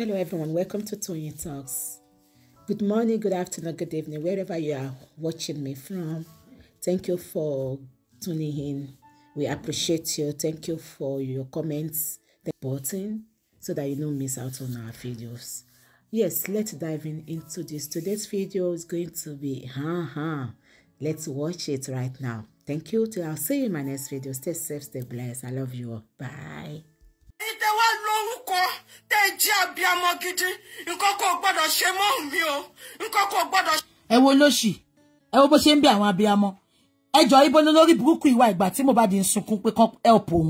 Hello, everyone. Welcome to Tony Talks. Good morning, good afternoon, good evening, wherever you are watching me from. Thank you for tuning in. We appreciate you. Thank you for your comments, the button, so that you don't miss out on our videos. Yes, let's dive in into this. Today's video is going to be, huh, huh. Let's watch it right now. Thank you. Till I'll see you in my next video. Stay safe, stay blessed. I love you all. Bye. jẹ́ abiamọ gidi nǹkan kò gbọ́dọ̀ ṣe mọ́ mi o nǹkan kò gbọ́dọ̀. ẹ wo lóṣì ẹ wo bó ṣe ń bí àwọn abiamọ ẹjọ ibo ni lórí burúkú ìwà ìgbà tí mo bá di ń sunkún pé kán help òun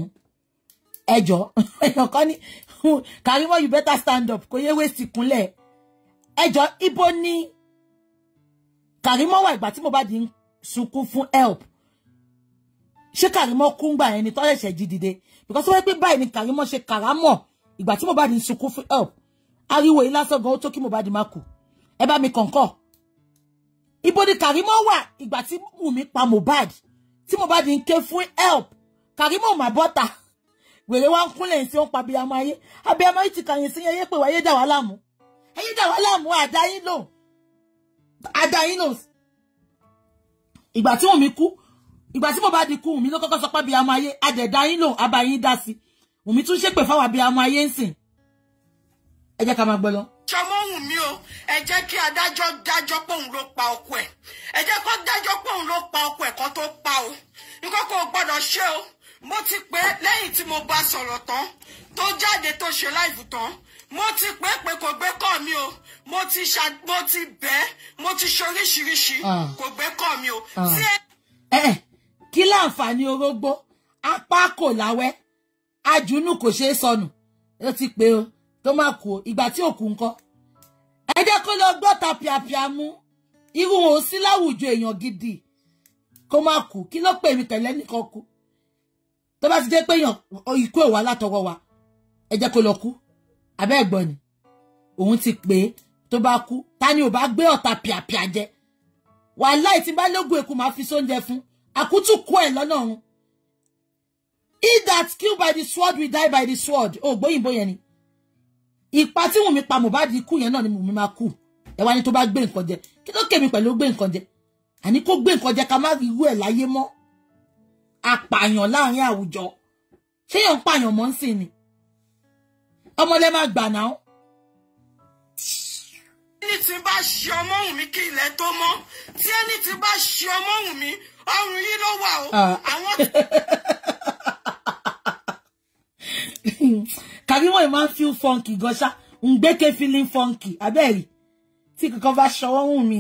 ẹjọ èèyàn kan ní kàrímọ you better stand up kò yẹ wéṣì kúnlẹ̀ ẹjọ ibo ni kàrímọ wà ìgbà tí mo bá di sunkún fún help ṣé kàrímọ kúngbà ẹni tó ṣẹ̀ṣẹ̀ jí dìde because wọ́n pẹ́ báyìí ni kàrímọ ṣe kàrámọ̀ ìgbà tí Mohbad ń sunkún fún help oh, ariwo yìí lásán gan ó tó kí Mohbad má kú ẹ bá mi kọ̀ǹkọ̀ ibo ni Karimo wà ìgbà tí Wùmí pa Mohbad tí Mohbad ń ké fún help Karimo mà bọ́ta wèrè wa ń kúnlẹ̀ sí ó ń pa abiyamọ ayé abiyamọ ayé ti kàyìn sí ẹyẹ pé wáyé dà wá láàmú ẹyẹ dà wá láàmú àdáyín lò àdáyín lò ìgbà tí Wùmí kú ìgbà tí Mohbad kú Wùmí ló kọ́kọ́ sọ pé abiyamọ ayé adẹ̀dáyín lò abayín dá sí i Wùmí tún ṣépè fáwọn abiyamọ ayé ń sìn ẹ jẹ́ ká máa gbọ́ lọ. ṣọmọ wù mí o ẹ jẹ́ kí adájọ́ dájọ́ pé òun ló pa ọkọ ẹ̀ ẹ jẹ́ kó dájọ́ pé òun ló pa ọkọ ẹ̀ kan tó pa o nǹkan kò gbọ́dọ̀ ṣe o mo ti pè lẹ́yìn tí mo bá sọ̀rọ̀ tán tó jáde tó ṣe láìfù tán mo ti pè pé kò gbé kọ́ mi o mo ti ṣà mo ti bẹ́ mo ti ṣe oríṣiríṣi ah. kò gbé kọ́ mi o. Ah. ẹ ẹ eh, eh, kí láǹfààní orógbó apá kò láwẹ́ ajùnú kò ṣeé sọnù ó ti pé o tó máa kú o ìgbà tí òkú ńkọ́ ẹ jẹ́ kó lọ gbọ́ ta pìàpìà mú irú wọn ò sí láwùjọ èèyàn gidi kó má kú kí ló pè mí pẹ̀lẹ́ nìkan kú tó bá ti jẹ́ pé èèyàn ikú ìwà látọwọ́ wa ẹ jẹ́ kó lọ kú abẹ́ ẹ̀gbọ́n ni òun ti pè tó bá kú ta ni ò bá gbé ọ̀tá pìàpìà jẹ wàhálà ìtìbálógún èkó máa fi sóúnjẹ fún àkútù kú ẹ̀ lọ́nà ọ̀run he that killed by the sword will die by the sword o oh, boy, yẹn ni ìpa tí Wùnmí pa Mohbad ikú yẹn náà ni Wùnmí máa kú ẹ to ní tó bá gbé nǹkan jẹ kí ló kèmí pẹ̀lú gbé nǹkan jẹ àní kó gbé nǹkan jẹ ká má irú ẹ̀ láyé mọ́ apààyàn láàrin àwùjọ ṣé yàn ń pààyàn mọ́ ń sìn ni ọmọlẹ́ máa gbà náà. ẹni tí bá ṣe ọmọ Wùnmí kí ilẹ̀ tó mọ́ tí ẹni tí bá ṣe ọmọ Wùnmí ọrùn yìí ló wà o. Ah. àwọn. kàbíwọ̀n yìí máa ń feel funky gọ́ṣá ń gbẹ́kẹ̀ feeling funky abẹ́rì tí kankan bá ṣọwọ́ hùn mí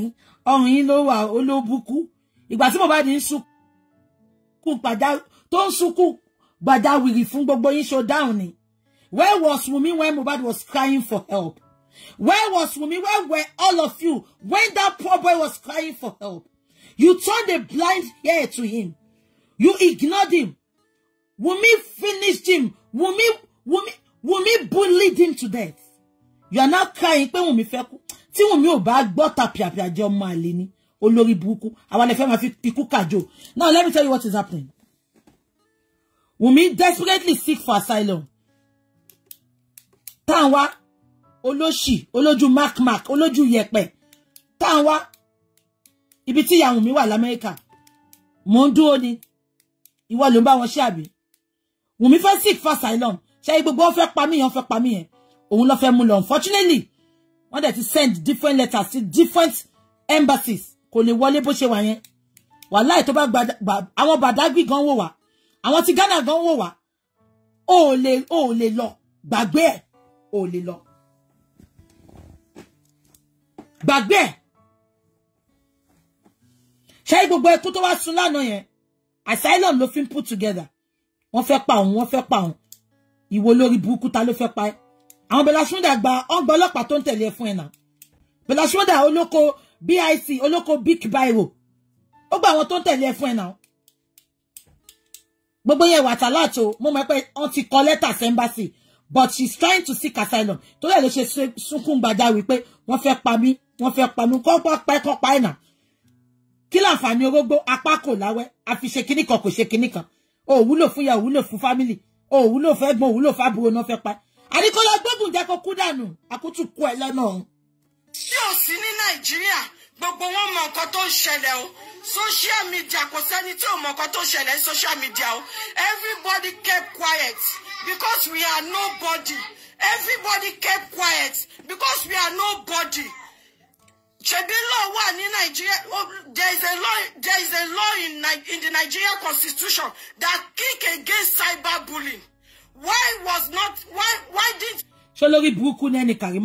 ọrùn yìí ló wà ó ló bukú ìgbà tí mo bá ní sunkún padà tó ń sunkún gbàdáwìrì fún gbogbo yín ṣó dáhùn ni where was Wumi when Mohbad was crying for help where was Wumi? where were all of you when that poor boy was crying for help You turned a blind ear to him. You ignored him. Wumi finished him. Wumi, Wumi, Wumi bullied him to death. You are now crying pé Wumi fẹ́ kú. Tí Wumi ò bá gbọ́ tàpìàpìà jẹ́ Malini, àlè ni. Olórí burúkú. Àwa lè fẹ́ máa fi ikú kàjò. Now let me tell you what is happening. Wumi desperately seek for asylum. Tanwa Oloshi, Oloju mark mark olójú yẹ̀pẹ̀. Tanwa ibi tí ìyàwó mi wà l'Amẹ́ríkà mò ń dúró ni ìwọ ló ń bá wọn ṣe àbí Wùmí fẹ́ seek for asylum ṣe gbogbo fẹ́ pa mí yẹn fẹ́ pa mí yẹn òun ló fẹ́ mú lọ unfortunately wọ́n dẹ̀ ti send different letters to different embassies kò lè wọlé bó ṣe wà yẹn wàláì tó bá gba àwọn bàdágbì gan wò wá àwọn ti Ghana gan wò wá o ò lè o ò lè lọ gbàgbé ẹ o ò lè lọ gbàgbé ẹ ṣé gbogbo ẹkú tó wá sun lánàá yẹn asylum ló fi ń put together wọ́n fẹ́ pa òun wọ́n fẹ́ pa òun ìwo lórí burúkú ta ló fẹ́ pa ẹ́ àwọn Bella Shmurda gba ọgbà ọlọ́pàá tó ń tẹ̀lé ẹ fún ẹ náà Bella olóko BIC olóko big biro ó gba àwọn tó ń tẹ̀lé ẹ fún ẹ náà gbogbo yẹn wà tàlàtò mo mọ̀ pé wọ́n ti kọ lẹ́tà sí embassy but she's trying to seek asylum tó lè ló ṣe sunkún gbàjà wípé wọ́n fẹ́ pa mí wọ́n fẹ́ pa mí kọ́ pa ẹ́ kọ́ pa ẹ̀ náà kí láǹfààní orógbó apá kò láwẹ́ àfi ṣe kinní kan kò ṣe kinní kan o wúlò fún ya ò wúlò fún fámìlì o wúlò fún ẹ̀gbọ́n ò wúlò fún àbúrò náà fẹ́ pa àdìkọlọ gbógun jẹ kó kú dànù àkútù kú ẹ lọ́nà ọ̀hún. tí ò sí ní nàìjíríà gbogbo wọn mọ nǹkan tó ń ṣẹlẹ̀ o social media kò sẹ́ni tí ò mọ nǹkan tó ń ṣẹlẹ̀ ní social media o everybody kept quiet because we are nobody everybody kept quiet because we are nobody. Shebi law wà ní Nigeria. Oh, there is a law. There is a law in in the Nigeria Constitution that kick against cyberbullying. Why was not? Why why did? Ṣé lórí burúkú náà ni America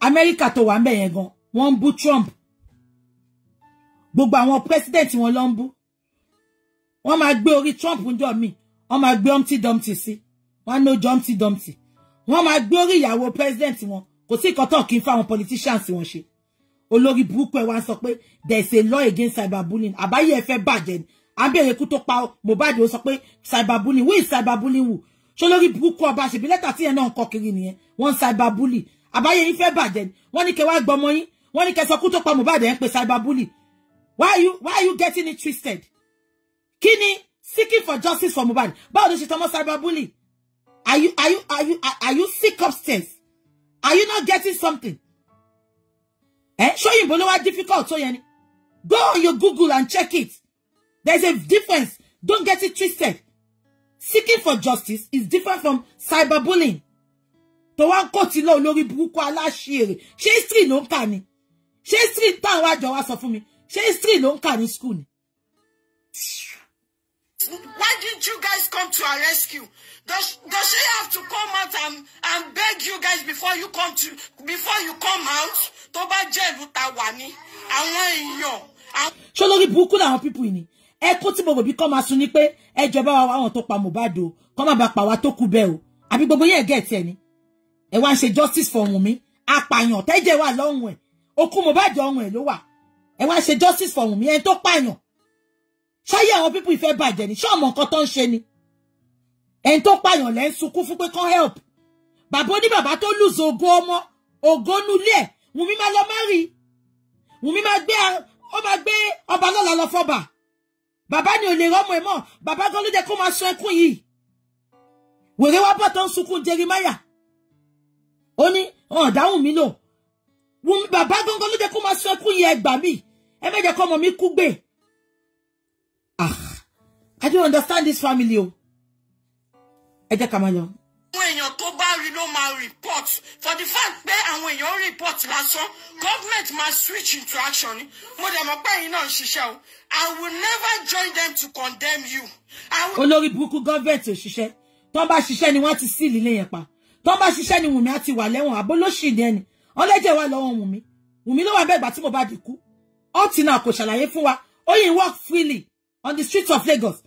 Amẹ́ríkà tó wà ń bẹ̀ Trump. Bugba àwọn president wọn ló ń bú. Wọ́n máa gbé orí Trump ńjọ́ mi. Wọ́n máa gbé Humpty Dumpty sí. Wọ́n no Jumpty Dumpty. Wọ́n máa gbé orí ìyàwó president wọn. Kò sí ìkọ́tọ̀ kí n fáwọn politicians wọn ṣe olórí burúkú ẹ wá sọ pé there is a law against cyberbullying àbáyé ẹ fẹ́ bàjẹ́ abẹ́rẹ́ kú tó pa Mohbad ó sọ pé cyberbullying wí cyberbullying wù ṣó lórí burúkú ọba ṣèbí lẹ́tà tí ẹ náà ń kọ kiri nìyẹn wọ́n cyberbully àbáyé yín fẹ́ bàjẹ́ wọ́n ní kẹ́ wá gbọmọ yín wọ́n ní kẹ́ sọ kú tó pa Mohbad ẹ̀ ń pe cyberbully why you why are you getting it twisted kí ni seeking for justice for Mohbad báwo ló ṣe tọmọ cyberbully are you are you are you are you sick upstairs are you not getting something Eh? you ló what difficult tó yẹn Go on your Google and check it. There's a difference. Don't get it twisted. Seeking for justice is different from cyberbullying. Tó one court kò tí lọ olórí burúkú aláṣìírí. Ṣé history ló ń kà ni? Ṣé history táwọn àjọ wa sọ fún mi? Ṣé history ló ń kà ní school Why didn't you guys come to our rescue? Does does she have to come out and and beg you guys before you come to before you come out? tó bá jẹ́ ìlú ta wà ní àwọn èèyàn. ṣó lórí burúkú làwọn pípù yìí ni ẹkún tí mo wò bí kọ́ máa sun ni pé ẹjọ́ bá wa àwọn tó pa Mohbad o kọ́ máa bá pa wa tó kú bẹ́ẹ̀ o àbí gbogbo yẹn gẹ̀ tiẹ̀ ni ẹ wá ń ṣe justice for Wunmi apààyàn tẹ́jẹ̀ wà lọ́rùn ẹ̀ òkú Mohbad ọ̀rùn ẹ̀ ló wà ẹ wá ń ṣe justice for Wunmi ẹni tó pààyàn ṣáyé àwọn pípù ìfẹ́ bàjẹ́ ni ṣé ọmọ nǹkan tó ń ṣe ni ẹni tó pààyàn lẹ́ ń sunkún fún pé kán help bàbá oníbàbá tó lùzọ ògo ọmọ ògo nulẹ̀ Wùmí máa lọ márì Wùmí máa gbé ó máa gbé ọba lọ́la lọ fọba bàbá ni ò lè rọ́mọ ẹ̀ mọ́ bàbá gan ló jẹ́ kó máa sọ ẹkún yìí wèrè wá bọ̀ tó ń sunkún Jeremiah ó ní ọ̀dáhùn mi lò Wùmí bàbá gangan ló jẹ́ kó máa sọ ẹkún yìí ẹgbàá mi ẹ má kọ́ ọmọ mi kú gbé ah I don't understand this family o ẹ jẹ́ ká máa yan àwọn èèyàn tó bá rí ló máa report for the fact pé àwọn èèyàn report lásán government must switch into action ni mo dẹ̀ mọ̀ pé ẹ̀yin náà ń ṣiṣẹ́ o I will never join them to condemn you. olórí burúkú government, ò ṣiṣẹ́ tó bá ṣiṣẹ́ ni wọ́n ti sílì ilé yẹn pa tó bá ṣiṣẹ́ ni Wùmí á ti wà lẹ́wọ̀n abólóṣì ni ẹni ọlẹ́jẹ̀ wà lọ́wọ́ Wùmí Wùmí ló wà bẹ́ẹ̀ gbà tí mo bá dìkú ọ̀tí náà kò ṣàlàyé fún wa ó yìn freely on the streets of Lagos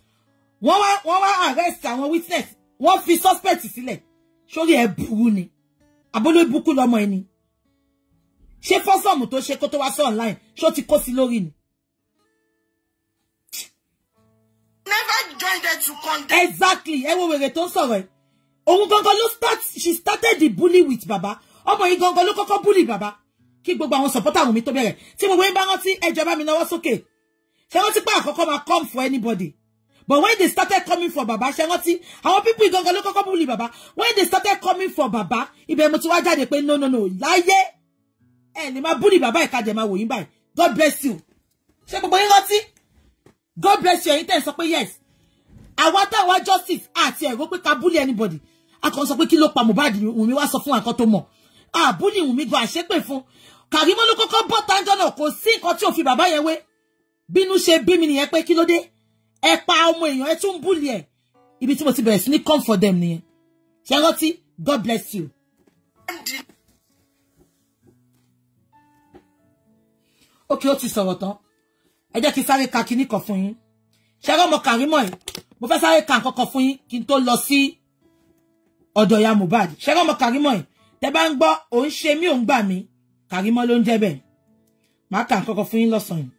wọ́n wá wọ́n wá arrest àwọn witness wọ́n fi suspect sílẹ̀ sórí ẹ̀ burú ni àbóló ìbùkún lọ́mọ ẹni ṣé fọ́sọ̀mù tó ṣe kó tó wá sí online ṣó ti kó sí lórí ni. never join them to condemn. exactly ẹ wo wèrè tó ń sọ̀rọ̀ ẹ̀ òun gangan ló start she started the bully with baba ọmọ yìí gangan ló kọ́kọ́ bully baba kí gbogbo àwọn supporter àwọn mi tó bẹ̀rẹ̀ tí mo wé bá rántí ẹjọ́ bá mi náwó sókè ṣé rántí pé àkọ́kọ́ máa come for anybody. But when they started coming for Baba, ṣé rántí, àwọn people go ló kọ́kọ́ bully Baba. When they started coming for Baba, ibẹ̀ mo ti wá jáde pé no no no, lie. Eh, lè máa bully Baba ẹ dema wo máa God bless you. Ṣé gbogbo yín rántí? God bless you. Ẹ̀yin tẹ́ sọ pé yes. Àwa tá wá justice àti ẹ go pé can bully anybody. I kàn sọ pé kí ló pa Mohbad Wùnmí wá sọ fún àkàn tó Ah bully Wùnmí go àṣepè fún. Karimo ló kọ́kọ́ bọ́ tanjo náà kò sí nǹkan tí ó fi bàbá yẹn wé. Bínú ṣe bí mi nìyẹn ẹ pa ọmọ èèyàn ẹ tún ń búlì ẹ ibi tí mo ti bẹ̀rẹ̀ sí ní come for them nìyẹn ṣe rántí God bless you. ókè ó ti sọ̀rọ̀ tán ẹ jẹ́ kí n sáré ka kinní kan fún yín ṣe rán ọmọ kàrímọ̀ yìí mo fẹ́ sáré ka nǹkan kan fún yín kí n tó lọ sí ọ̀dọ̀ ya Mohbad ṣe rán ọmọ kàrímọ̀ yìí tẹ bá ń gbọ́ òun ṣe mí òun gbà mí kàrímọ́ ló ń jẹ́ bẹ́ẹ̀ má ka nǹkan kan fún yín lọ́sàn-án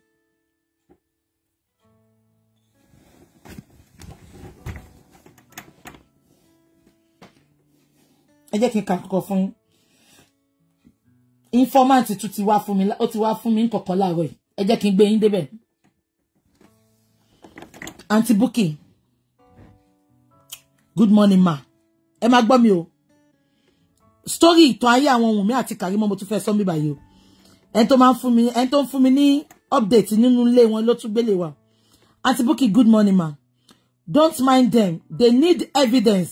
ẹ jẹ́ kí n kà kọ́kọ́ fún informant tún ti wá fún mi ó ti wá fún mi kọ̀kọ́ láàárọ̀ yìí ẹ jẹ́ kí n gbé yín débẹ̀ aunty Bukky good morning ma ẹ máa gbọ́ mi o story ìtàn ayé àwọn Wùnmí àti Kàrímọ́ mo tún fẹ́ sọ mí báyìí o ẹni tó máa ń fún mi ẹni tó ń fún mi ní update nínú ilé wọn ló tún gbélé wa aunty Bukky good morning ma don't mind them they need evidence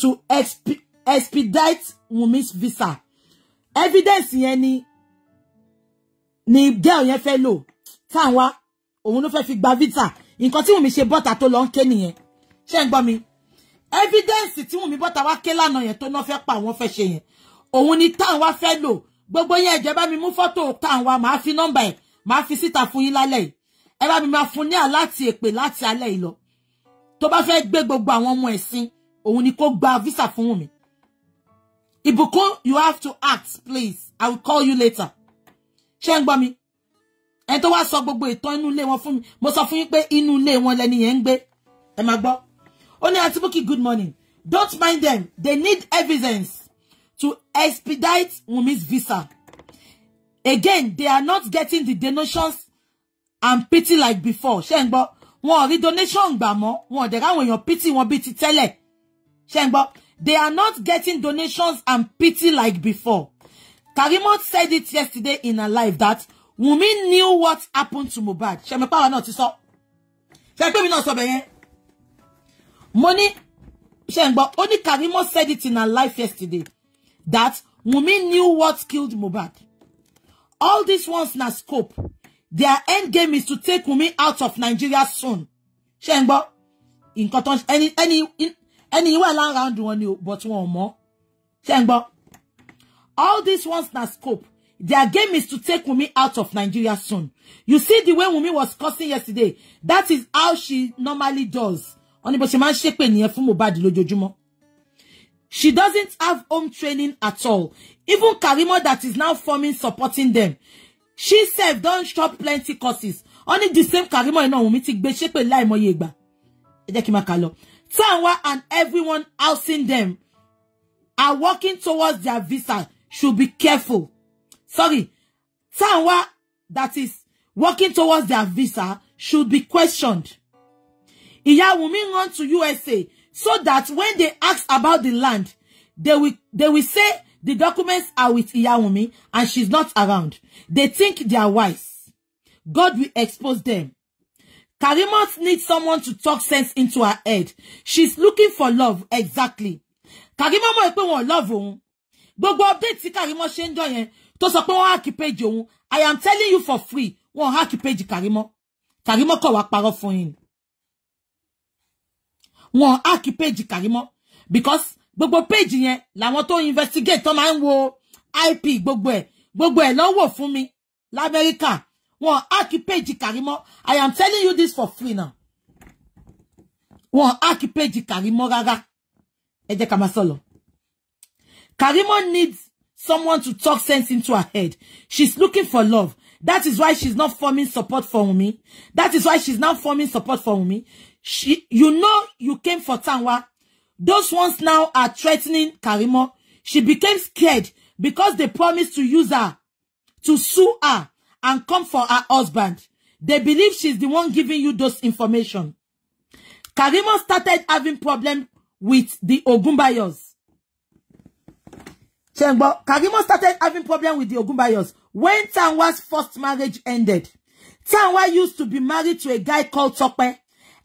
to exp expedite Wunmi's visa evidence yẹn ni ni girl yẹn fẹ́ lò táwọn wá òun ló fẹ́ fi gba visa nǹkan tí Wunmi ṣe bọ́ta tó lọ ń ké nìyẹn ṣé ń gbọ́ mi evidence tí Wunmi bọ́ta wá ké lánàá yẹn tó náà fẹ́ pa àwọn fẹ́ ṣe yẹn òun ni táwọn wá fẹ́ lò gbogbo yẹn ẹ̀jẹ̀ bá mi mu fọ́tò táwọn wá màá fi nọ́mbà ẹ̀ màá fi síta fún yín lálẹ́ yìí ẹ mi ma fún ní àláti èpè láti alẹ́ yìí lọ tó bá fẹ́ gbé gbogbo àwọn ọmọ ẹ̀sìn òun ni kó gba visa fún Wunmi Ibuko, you have to act, please. I will call you later. Ṣé ń gbọ́ mi? Ẹni tó wá sọ gbogbo ìtàn inú ilé wọn fún mi. Mo sọ fún yín pé inú ilé wọn lẹni yẹn ń gbé. Ẹ máa gbọ́. Ó ní Aunty Bukky good morning. Don't mind them. They need evidence to expedite Wumi's visa. Again, they are not getting the donations and pity like before. Ṣé ń gbọ́? Wọn ò rí donation gbà mọ́. Wọn ò dẹ̀ ráwọn èèyàn pity wọn bíi ti tẹ́lẹ̀. Ṣé ń gbọ́? They are not getting donations and pity like before. Karimot said it yesterday in her live that Wumi knew what happened to Mubad. She me pa àwọn náà ti sọ? Ṣé pé mi náà Money. bẹ̀yẹn? Mo ní Karimot said it in her live yesterday that Wumi knew what killed Mubad. All these ones na scope. Their end game is to take Wumi out of Nigeria soon. She ń gbọ́? Nǹkan tán ẹni Any yìí wà láround wọn ni o but one more. mọ̀ ṣe all these ones na scope their game is to take Wumi out of Nigeria soon you see the way Wumi was cursing yesterday that is how she normally does wọn ni bó ṣe máa ń ṣépè nìyẹn fún Mohbad she doesn't have home training at all even Karima that is now forming supporting them she said don't chop plenty courses only the same Karimo iná Wumi ti gbé ṣépè lie ìgbà ẹ jẹ́ kí n máa kà lọ Tanwa and everyone housing them are walking towards their visa should be careful. Sorry, Tanwa that is walking towards their visa should be questioned. Iya Wumi run to USA so that when they ask about the land, they will they will say the documents are with Iya Wumi and she's not around. They think they are wise. God will expose them. Karimat needs someone to talk sense into her head. She's looking for love, exactly. Karimat mọ̀ pé wọ́n love òun. Gbogbo update tí Karimat ṣe ń jọ yẹn tó sọ pé wọ́n hack page òun. I am telling you for free, wọ́n hack page Karimat. Karimat kọ̀ wá parọ́ fún yín. Wọ́n hack page Karimat because gbogbo page yẹn làwọn to investigate tó máa ń wo IP gbogbo ẹ̀ gbogbo ẹ̀ lọ́wọ́ fún mi l'Amẹ́ríkà wọn hack page Karimo i am telling you this for free now wọn hack page Karimo rárá ẹ jẹ́ ká Karimo needs someone to talk sense into her head she's looking for love that is why she's not forming support for me. that is why she's not forming support for me. she you know you came for Tanwa those ones now are threatening Karimo she became scared because they promised to use her to sue her and come for her husband. They believe she's the one giving you those information. Karimo started having problem with the Ogunbayos. Chengbo, Karimo started having problem with the Ogunbayos when Tanwa's first marriage ended. Tanwa used to be married to a guy called Tope.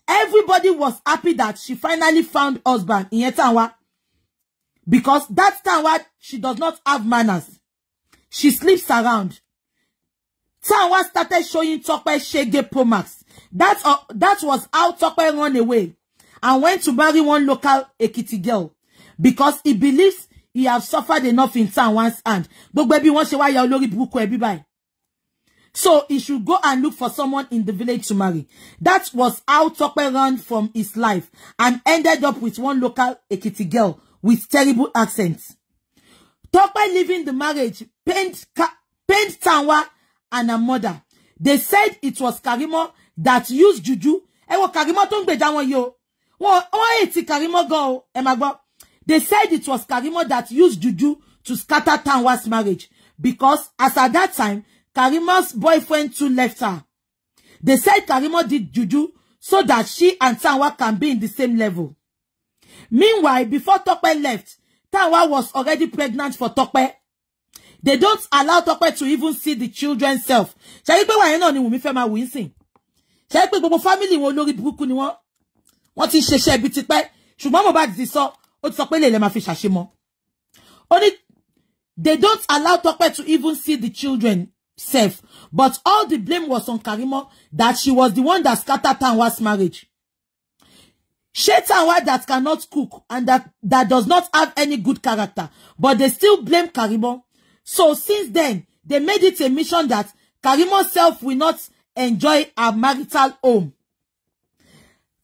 Everybody was happy that she finally found husband in Tanwa. Because that Tanwa, she does not have manners. She sleeps around. Tanwa started showing Tope Shege Promax. That, uh, that was how Tope ran away and went to marry one local Ekiti girl because he believes he have suffered enough in Tanwa's hand. But baby wọn ṣe wá ya olórí burúkú ẹbí So he should go and look for someone in the village to marry. That was how Tope ran from his life and ended up with one local Ekiti girl with terrible accents. Tope leaving the marriage pained, pained Tanwa and her mother. They said it was Karimo that used juju. Ẹ wo Karimo tó ń gbèjà yo. yìí o. Wọ́n ti Karimo go? o. Ẹ They said it was Karimo that used juju to scatter Tanwa's marriage because as at that time, Karimo's boyfriend too left her. They said Karimo did juju so that she and Tanwa can be in the same level. Meanwhile, before Tope left, Tanwa was already pregnant for Tope they don't allow Tope to even see the children self ṣe yí pé wàyẹn náà ni Wùmí fẹ́ máa wù í sìn ṣe yí pé gbogbo fámìlì wọn olórí burúkú ni wọ́n wọ́n ti ṣeṣẹ́ ibi tipẹ́ ṣùgbọ́n Mohbad ti sọ ó ti sọ pé lè lè máa fi ṣàṣemọ́ ó Only they don't allow Tope to even see the children self but all the blame was on Karimo that she was the one that scattered Tanwa's marriage ṣé Tanwa that cannot cook and that that does not have any good character but they still blame Karimo So since then, they made it a mission that Karimo self will not enjoy her marital home.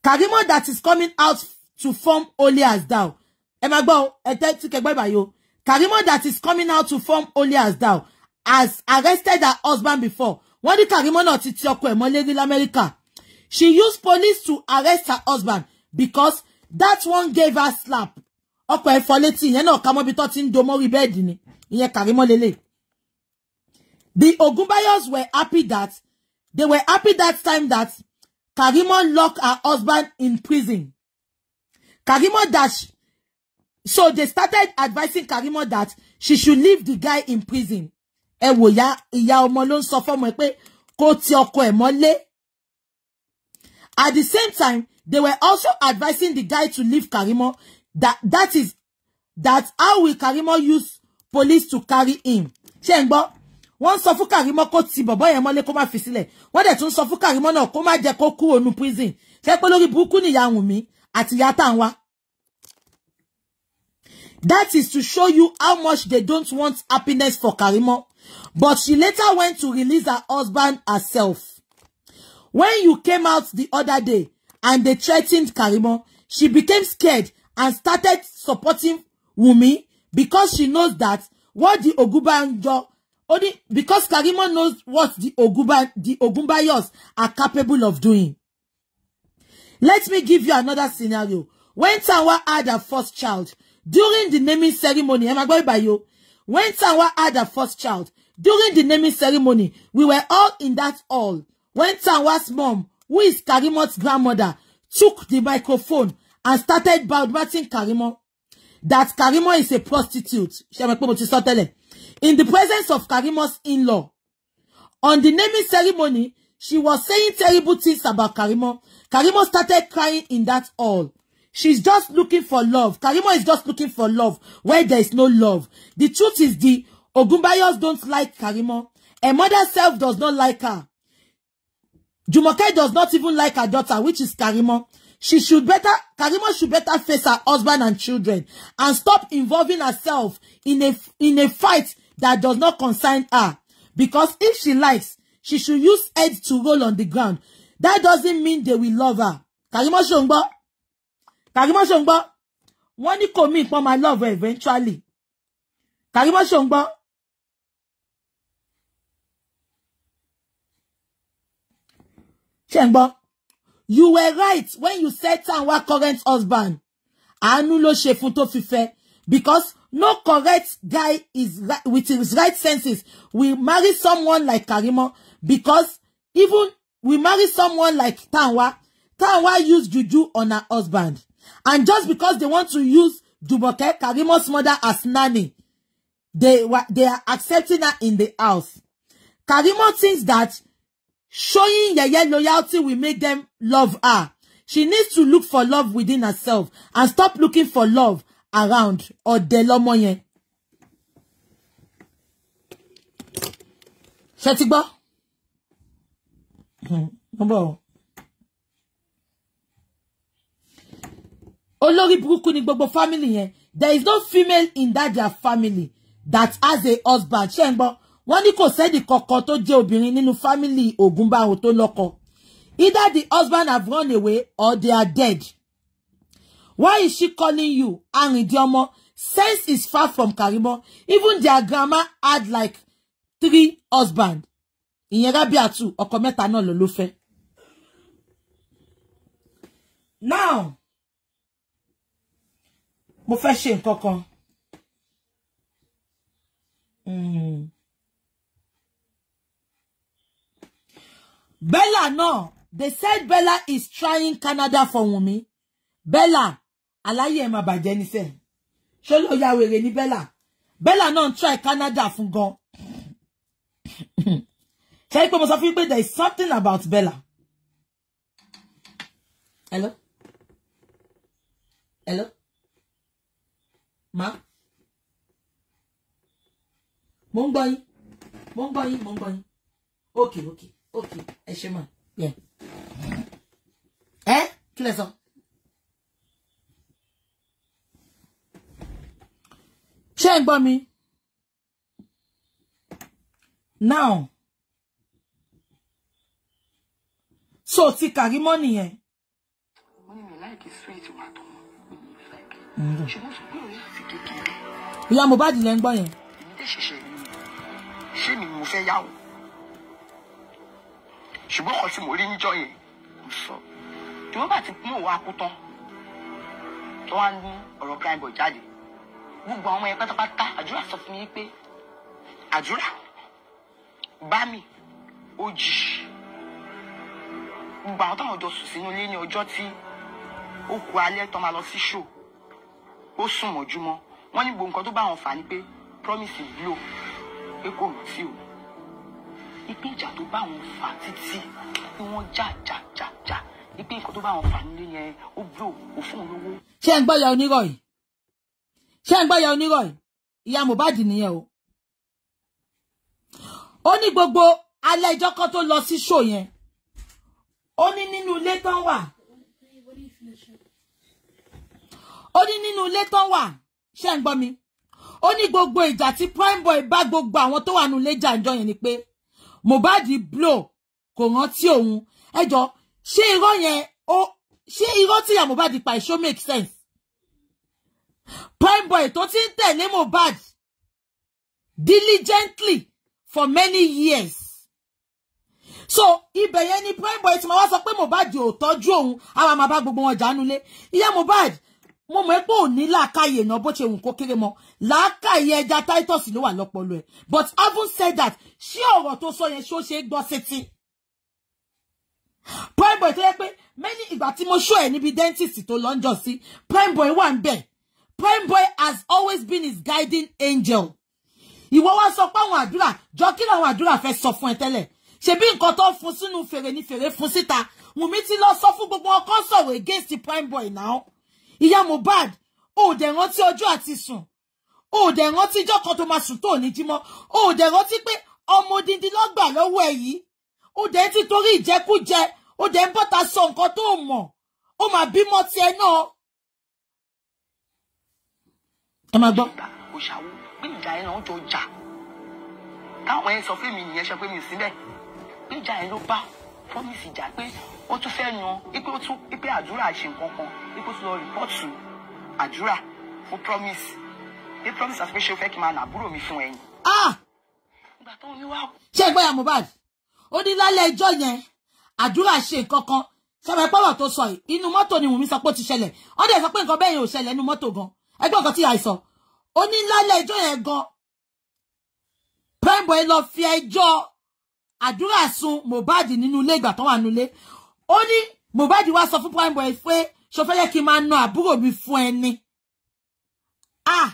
Karimo that is coming out to form only as thou. Ẹ máa gbọ́, ẹ tẹ́tí kẹgbẹ́ bàyò. Karimo that is coming out to form only as thou has arrested her husband before. Wọ́n did Karimo not ti ti ọkọ ẹ̀ mọ́lé She used police to arrest her husband because that one gave her slap. Ọkọ for letting you know, náà ká mọ́bi tó ti ń do mọ́rí bẹ́ẹ̀dì ìyẹn Karimo lélẹ̀. The Ogumbayos were happy that they were happy that time that Karimo locked her husband in prison. Karimo dash. So they started advising Karimo that she should leave the guy in prison. Ẹ ya ìyá ọmọ ló ń sọ ti ọkọ ẹ̀ At the same time, they were also advising the guy to leave Karimo. That that is that how will Karimo use police to carry him ṣé ń gbọ́ wọ́n sọ fún Kàrímọ́ kó ti bọ̀bọ́ yẹn mọ́lé kó má fi sílẹ̀ wọ́n dẹ̀ tún sọ fún Kàrímọ́ náà kó má jẹ́ kó kú ònú prison ṣé pé lórí burúkú nìyá Wùnmí àti ìyá tá à ń wá. That is to show you how much they don't want happiness for Karimo. But she later went to release her husband herself. When you came out the other day and they threatened Karimo, she became scared and started supporting Wumi because she knows that what the Ogubanjo only because Karimo knows what the Oguba the Ogumbayos are capable of doing. Let me give you another scenario. When Tanwa had her first child, during the naming ceremony, am I going by you? When Tanwa had her first child, during the naming ceremony, we were all in that hall. When Tanwa's mom, who is Karimo's grandmother, took the microphone and started badmouthing Karimo that Karimo is a prostitute. She In the presence of Karimo's in-law, on the naming ceremony, she was saying terrible things about Karimo. Karimo started crying in that hall. She's just looking for love. Karimo is just looking for love where there is no love. The truth is the Ogumbayos don't like Karimo. Her mother self does not like her. Jumoke does not even like her daughter, which is Karimo. She should better, Karima should better face her husband and children and stop involving herself in a, in a fight that does not concern her. Because if she likes, she should use head to roll on the ground. That doesn't mean they will love her. Karima Shongba. Karima Shongba. Wọ́n ní kò for my lover eventually. Karima Shongba. Ṣé you were right when you said down wa current husband àánú ló ṣe fún tó because no correct guy is right, with his right senses will marry someone like Karimo because even we marry someone like Tanwa Tanwa used juju on her husband and just because they want to use Jumoke Karimo's mother as nanny they they are accepting her in the house Karimo thinks that Showing Yeye loyalty will make them love her. She needs to look for love within herself and stop looking for love around ọ̀dẹ̀ lọ́mọ yẹn. Ṣé ti gbọ́? Hmm, Olórí burúkú ni gbogbo family yẹn. There is no female in that their family that has a husband. Ṣé wọ́n ní kò sẹ́ni kankan tó jẹ́ obìnrin nínú fámìlì Ògúnbáwo tó lọ́kọ either the husband have run away or they are dead why is she calling you Arindiomo sense is far from Karimo even their grandma had like three husband ìyẹn Rabiatu ọkọ mẹ́ta náà ló ló fẹ́ now mo fẹ́ ṣe nǹkan kan. Mm. Bella, no. They said Bella is trying Canada for Wunmi. Bella, aláyé ẹ má bàjẹ́ ní sẹ́. ya wèrè ní Bella? Bella náà try Canada for gan. Say pé mo sọ fún pé there is something about Bella? Hello? Hello? Ma? Mo ń gbọ́ Mo ń gbọ́ Mo ń gbọ́ Okay, okay ok ẹ ṣe mà yẹ ẹ kí lẹ sọ. ṣé ẹ gbọ́ mi now so ti Kàrímọ́ nìyẹn. Mm. ìyá Mohbad lẹ́ ń gbọ́ yẹn. ṣé mi mo fẹ́ yá ṣùgbọ́n kan tí mo rí níjọ́ yẹn mo sọ ìwọ bá ti mú òwò akú tán tó wá ní ọ̀rọ̀ prime boy jáde gbogbo àwọn ọmọ yẹn pátápátá àdúrà sọ fún mi pé àdúrà bá mi ó jì gbogbo àwọn táwọn jọ sùn sínú ilé ní ọjọ́ tí ó kú alẹ́ tó máa lọ sí show ó sùn mọ́júmọ́ wọ́n ní gbogbo nǹkan tó bá wọn fà á ni pé promise blow pé kò rántí o ipe ìjà tó bá wọn fà títí tí wọ́n jà jà jà jà ipe ìkọ́ tó bá wọn fà nílé yẹn ó bí òkú fún olówó. ṣé ń gbọ́yà onírọ̀ ṣé ń gbọ́yà onírọ̀ ìyá Mohbad nìyẹn o ó ní gbogbo alẹ́ ìjọ́ kan tó lọ sí ṣò yẹn ó ní nínú ilé tán wà ó ní nínú ilé tán wà ṣé ń gbọ́ mi ó ní gbogbo ìjà tí Primeboy bá gbogbo àwọn tó wà nínú ilé jà yẹn ni pé Mohbad blow kò rántí òun ẹjọ ṣé irọ́ yẹn ó ṣé irọ́ tí ìyá Mohbad pa ìṣó make sense prime boy tó ti ń tẹ̀lé Mohbad diligently for many years so ibẹ̀ yẹn ni prime boy ti máa wá sọ pé Mohbad ò tọ́jú òun àwọn àmàbá gbogbo wọn jàánulé ìyá Mohbad mo mọ̀ pé ò làákàyè náà bó ṣe wù kó kéré mọ́ làákàyè ẹja Titus ló wà lọ́pọlọ ẹ̀ but having said that ṣé ọ̀rọ̀ tó sọ yẹn ṣó ṣe é gbọ́ sétí prime boy tó yẹ pé many ìgbà tí mo ṣó ẹ níbi dentist tó lọ́njọ́ sí prime boy wà ń bẹ̀ prime boy has always been his guiding angel ìwọ wá sọ pé àwọn àdúrà jọ kí làwọn àdúrà fẹ́ sọ fún ẹ tẹ́lẹ̀ ṣebí nǹkan tó fún sínú fèrè ni fèrè fún síta Wùmí ti lọ sọ fún gbogbo ọkọ sọ̀rọ̀ against prime boy now ìyá Mohbad ò dẹ̀ rántí ọjọ́ àti sùn ò dẹ̀ rántí ìjọ́ kan tó máa sùn tó ní jímọ́ ò dẹ̀ rántí pé ọmọ odindi lọ́gbà lọ́wọ́ ẹ̀ yìí ó dẹ̀ ti torí ìjẹkújẹ ó dẹ̀ ń bọ́ta sọ nǹkan tó mọ̀ ó máa bímọ tiẹ̀ náà. ẹ máa gbọ́. ìgbà òṣàwò pé ìjà ẹ̀ náà jọ jà táwọn ẹ̀ sọ fún mi nìyẹn ṣe pé mi sílẹ̀ pé ìjà ẹ̀ ló bá promise ìjà pé ó tún fẹ́ yan ipe ó tún ipe àdúrà ṣe nǹkan kan ipe ó tún lọ rìpọ́ọ̀tù àdúrà fún promise pé promise àti pé ṣé o fẹ́ kí n máa nà mi fún ẹ̀yìn. ah ṣé ẹgbẹ́ ya Mohbad ó ní lálẹ́ ẹjọ́ yẹn àdúrà ṣe nǹkan kan ṣàbẹ̀ pọ̀rọ̀ tó sọ yìí inú mọ́tò ni Wùnmí sọ pé ó ti ṣẹlẹ̀ ó dẹ̀ sọ pé nǹkan bẹ́ẹ̀ yẹn ò ṣẹlẹ̀ inú mọ́tò gan ẹgbẹ́ nǹkan tí àìsàn ó ní lálẹ́ ẹjọ́ yẹn gan Primeboy lọ fi ẹjọ́ àdúrà sun Mohbad nínú ilé ìgbà tó wà nínú ilé ó ní Mohbad wá sọ fún Primeboy pé ṣo yẹ kí n máa na àbúrò mi fún ẹni ah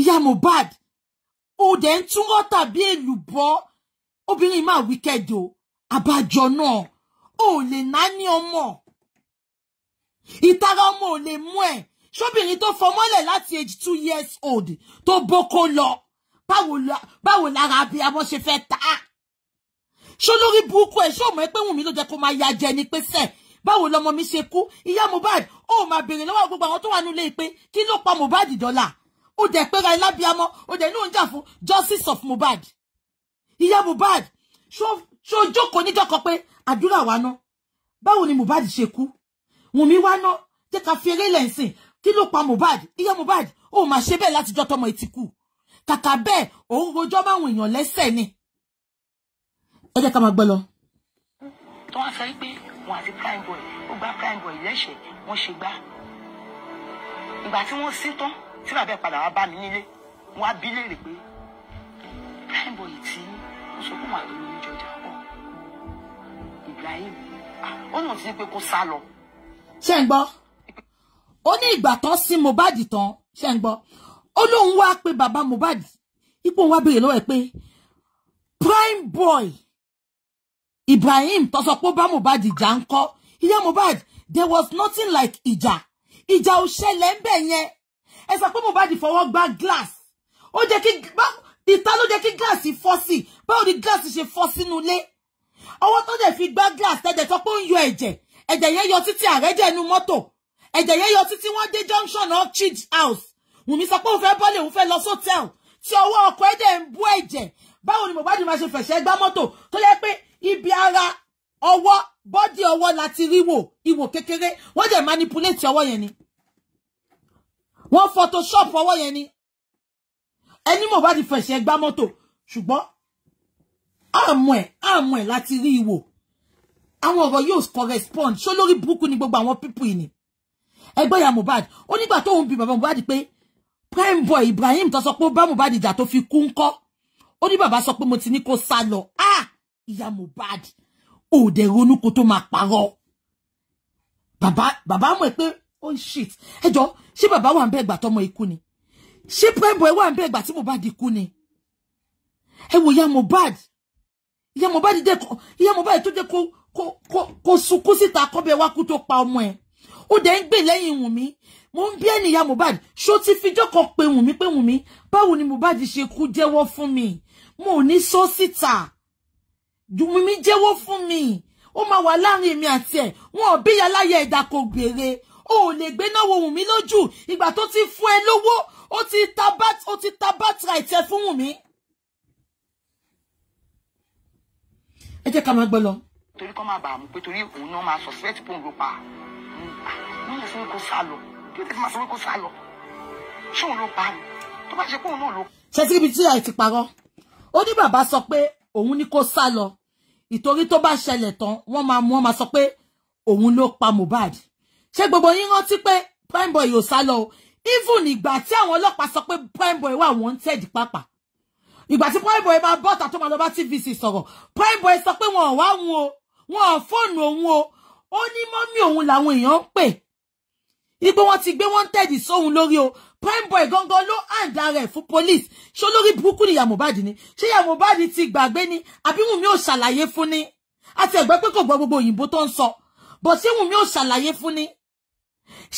ìyá Mohbad ó dẹ̀ ń tún ọ́tà bí èlùbọ́ obìnrin máa wí kẹjọ àbájọ náà ó lè ná ní ọmọ ìtara ọmọ ò lè mú ẹ ṣóbìnrin tó fọmọ́lẹ̀ age two years old To boko lo. báwo lára abiyamọ ṣe fẹ́ ta á ṣó lórí burúkú ẹ ṣó mọ̀ ẹ́ pé Wùnmí ló jẹ́ kó máa ya jẹ ni pé sẹ báwo lọmọ mi ṣe kú ìyá Mohbad ó máa béèrè lọ́wọ́ gbogbo àwọn tó wà nílé pé kí ló pa Mohbad dọ́là ó dẹ̀ pẹ́ra ilábíamọ́ ó dẹ̀ ní òun jà fún justice of mubad ìyá Mohbad ṣó jókòó níjọkọ pé àdúrà wa ná báwo ni Mohbad ṣe kú Wùnmí wá ná jẹ́ ká fere eré lẹ́sìn kí ló pa mubad iya mubad ó mà ṣe bẹ́ẹ̀ látijọ́ tọmọ ẹ̀ ti kú kàkà bẹ́ẹ̀ òun rojọ́ máwọn èèyàn lẹ́sẹ̀ ni ẹ jẹ́ ká máa gbọ́ lọ. tó wá sọ pé wọn àti prime boy ó gba prime boy lese wọ́n ṣe gbá ìgbà tí wọ́n sí tán tí bàbá ẹ̀ padà wá bá mi nílé wọn á bí léèrè pé prime boy tí ó sọ fún àlọ́ ní jọjà pọ̀ Ibrahim ah, ó náà ti ní pé kó sá lọ. ṣé ń gbọ́ ó ní ìgbà tán sí Mohbad tán ṣé ń gbọ́ ó lóun wá pé bàbá Mohbad ipò wa béèrè lọ́wọ́ ẹ̀ pé prime boy Ibrahim tó sọ pé ó bá Mohbad ìjà ń kọ́ ìyá Mohbad there was nothing like ìjà ìjà ò ṣẹlẹ̀ ń bẹ̀ yẹn ẹ sọ pé di fọwọ́ gbá glass ó jẹ́ kí ìta ló jẹ́ kí glass fọ́ sí báwo ni glass ṣe fọ́ sínú ilé ọwọ́ tó dẹ̀ fi gbá glass tẹ́jẹ̀ sọ pé ó ń yọ ẹ̀jẹ̀ ẹ̀jẹ̀ yẹn yọ títí àrẹ́jẹ̀ inú mọ́tò ẹ̀jẹ̀ yẹn yọ títí wọ́n dé junction orchid house Wùmí sọ pé òun fẹ́ bọ́lẹ̀ òun fẹ́ lọ sọ́tẹ̀l tí ọwọ́ ọkọ̀ ẹ̀ dẹ̀ ń bú ẹ̀jẹ̀ báwo ni Mohbad máa ṣe fẹ̀ṣẹ̀ gbá mọ́tò tó yẹ pé ibi ara ọwọ́ bọ́dì ọwọ́ láti ríwò ìwò kékeré wọ́n dẹ̀ manipulate ọwọ́ yẹn ni wọ́n photoshop ọwọ́ yẹn ni ẹni Mohbad fẹ̀sẹ̀ gbá moto, ṣùgbọ́n àmọ́ ẹ̀ àmọ́ ẹ̀ láti rí ìwò àwọn ọ̀rọ̀ yóò correspond ṣó lórí burúkú ni gbogbo àwọn people yìí ni ẹgbẹ́ ya Mohbad Oni nígbà tó ń bi bàbá Mohbad pé prime boy Ibrahim tó sọ pé ó bá Mohbad ìjà tó fi kú ń kọ́ ó ní bàbá sọ pé mo ti ní kó sá lọ ah ìyá Mohbad ò dẹ̀ ronú kó tó máa parọ́ bàbá bàbá mọ̀ pé Oh shit Ejo, jọ baba wa wà ń bẹ́ẹ̀ gbà tọmọ ikú ni ṣé Primeboy wà ń bẹ́ẹ̀ gbà tí Mohbad ikú ni ẹ wò ìyá Mohbad ìyá Mohbad jẹ́ ìyá Mohbad tó jẹ́ kó kó kó kó sunkún síta kọ́bẹ̀ wá kú tó pa ọmọ ẹ̀ ó dẹ̀ ń gbè lẹ́yìn Wùnmí mo ń bí ẹni ìyá Mohbad ṣó ti fijọ́ kan pe Wùnmí pé Wùnmí báwo ni Mohbad ṣe kú jẹ́wọ́ fún mi mo ò ní sọ síta Wùnmí jẹ́wọ́ fún mi ó máa wà láàrin èmi àti ẹ̀ wọn ò bí yàláyà ẹ̀dá kò gbèrè o ò lè gbé náà wohùn mi lójú ìgbà tó ti fún ẹ lówó ó ti ta bat ó ti ta bàtà ìtẹ fún wùn mí. ẹ jẹ́ ká máa gbọ́ lọ. torí kọ́ máa bà á mú pé torí òun náà máa suspect pòun ló pa àwọn yẹn fún kó sá lọ kí ló máa fún kó sá lọ ṣé òun ló pa ni tó bá ṣe pé òun náà ló. ṣe síbi tí ti parọ́ ó ní bàbá sọ pé òun ní kó sá lọ ìtorí tó bá ṣẹlẹ̀ tán wọ́n máa mú wọn máa sọ pé òun ló pa Mohbad ṣé gbogbo yín rántí pé Primeboy yóò sá lọ o even ìgbà tí àwọn ọlọ́pàá sọ pé Primeboy wà wanted pàápàá ìgbà tí Primeboy máa bọ́ta tó máa lọ bá TVC sọ̀rọ̀ Primeboy sọ pé wọn ò wá wọn o wọn ò fóònù òun o ó ní mọ́mí òun làwọn èèyàn ń pè igbó wọn ti gbé wanted sóhun lórí o Primeboy gangan ló àǹdà rẹ̀ fún police ṣó lórí burúkú ni ìyá Mohbad ni ṣé ìyá Mohbad ti gbàgbé ni àbí Wùnmí ò ṣàlàyé fún ni àti ẹ̀gbẹ́ pé kò gbọ́ gbogbo òyìnbó tó ń sọ bọ̀ ṣé Wùnmí ò ṣàlàyé fún ni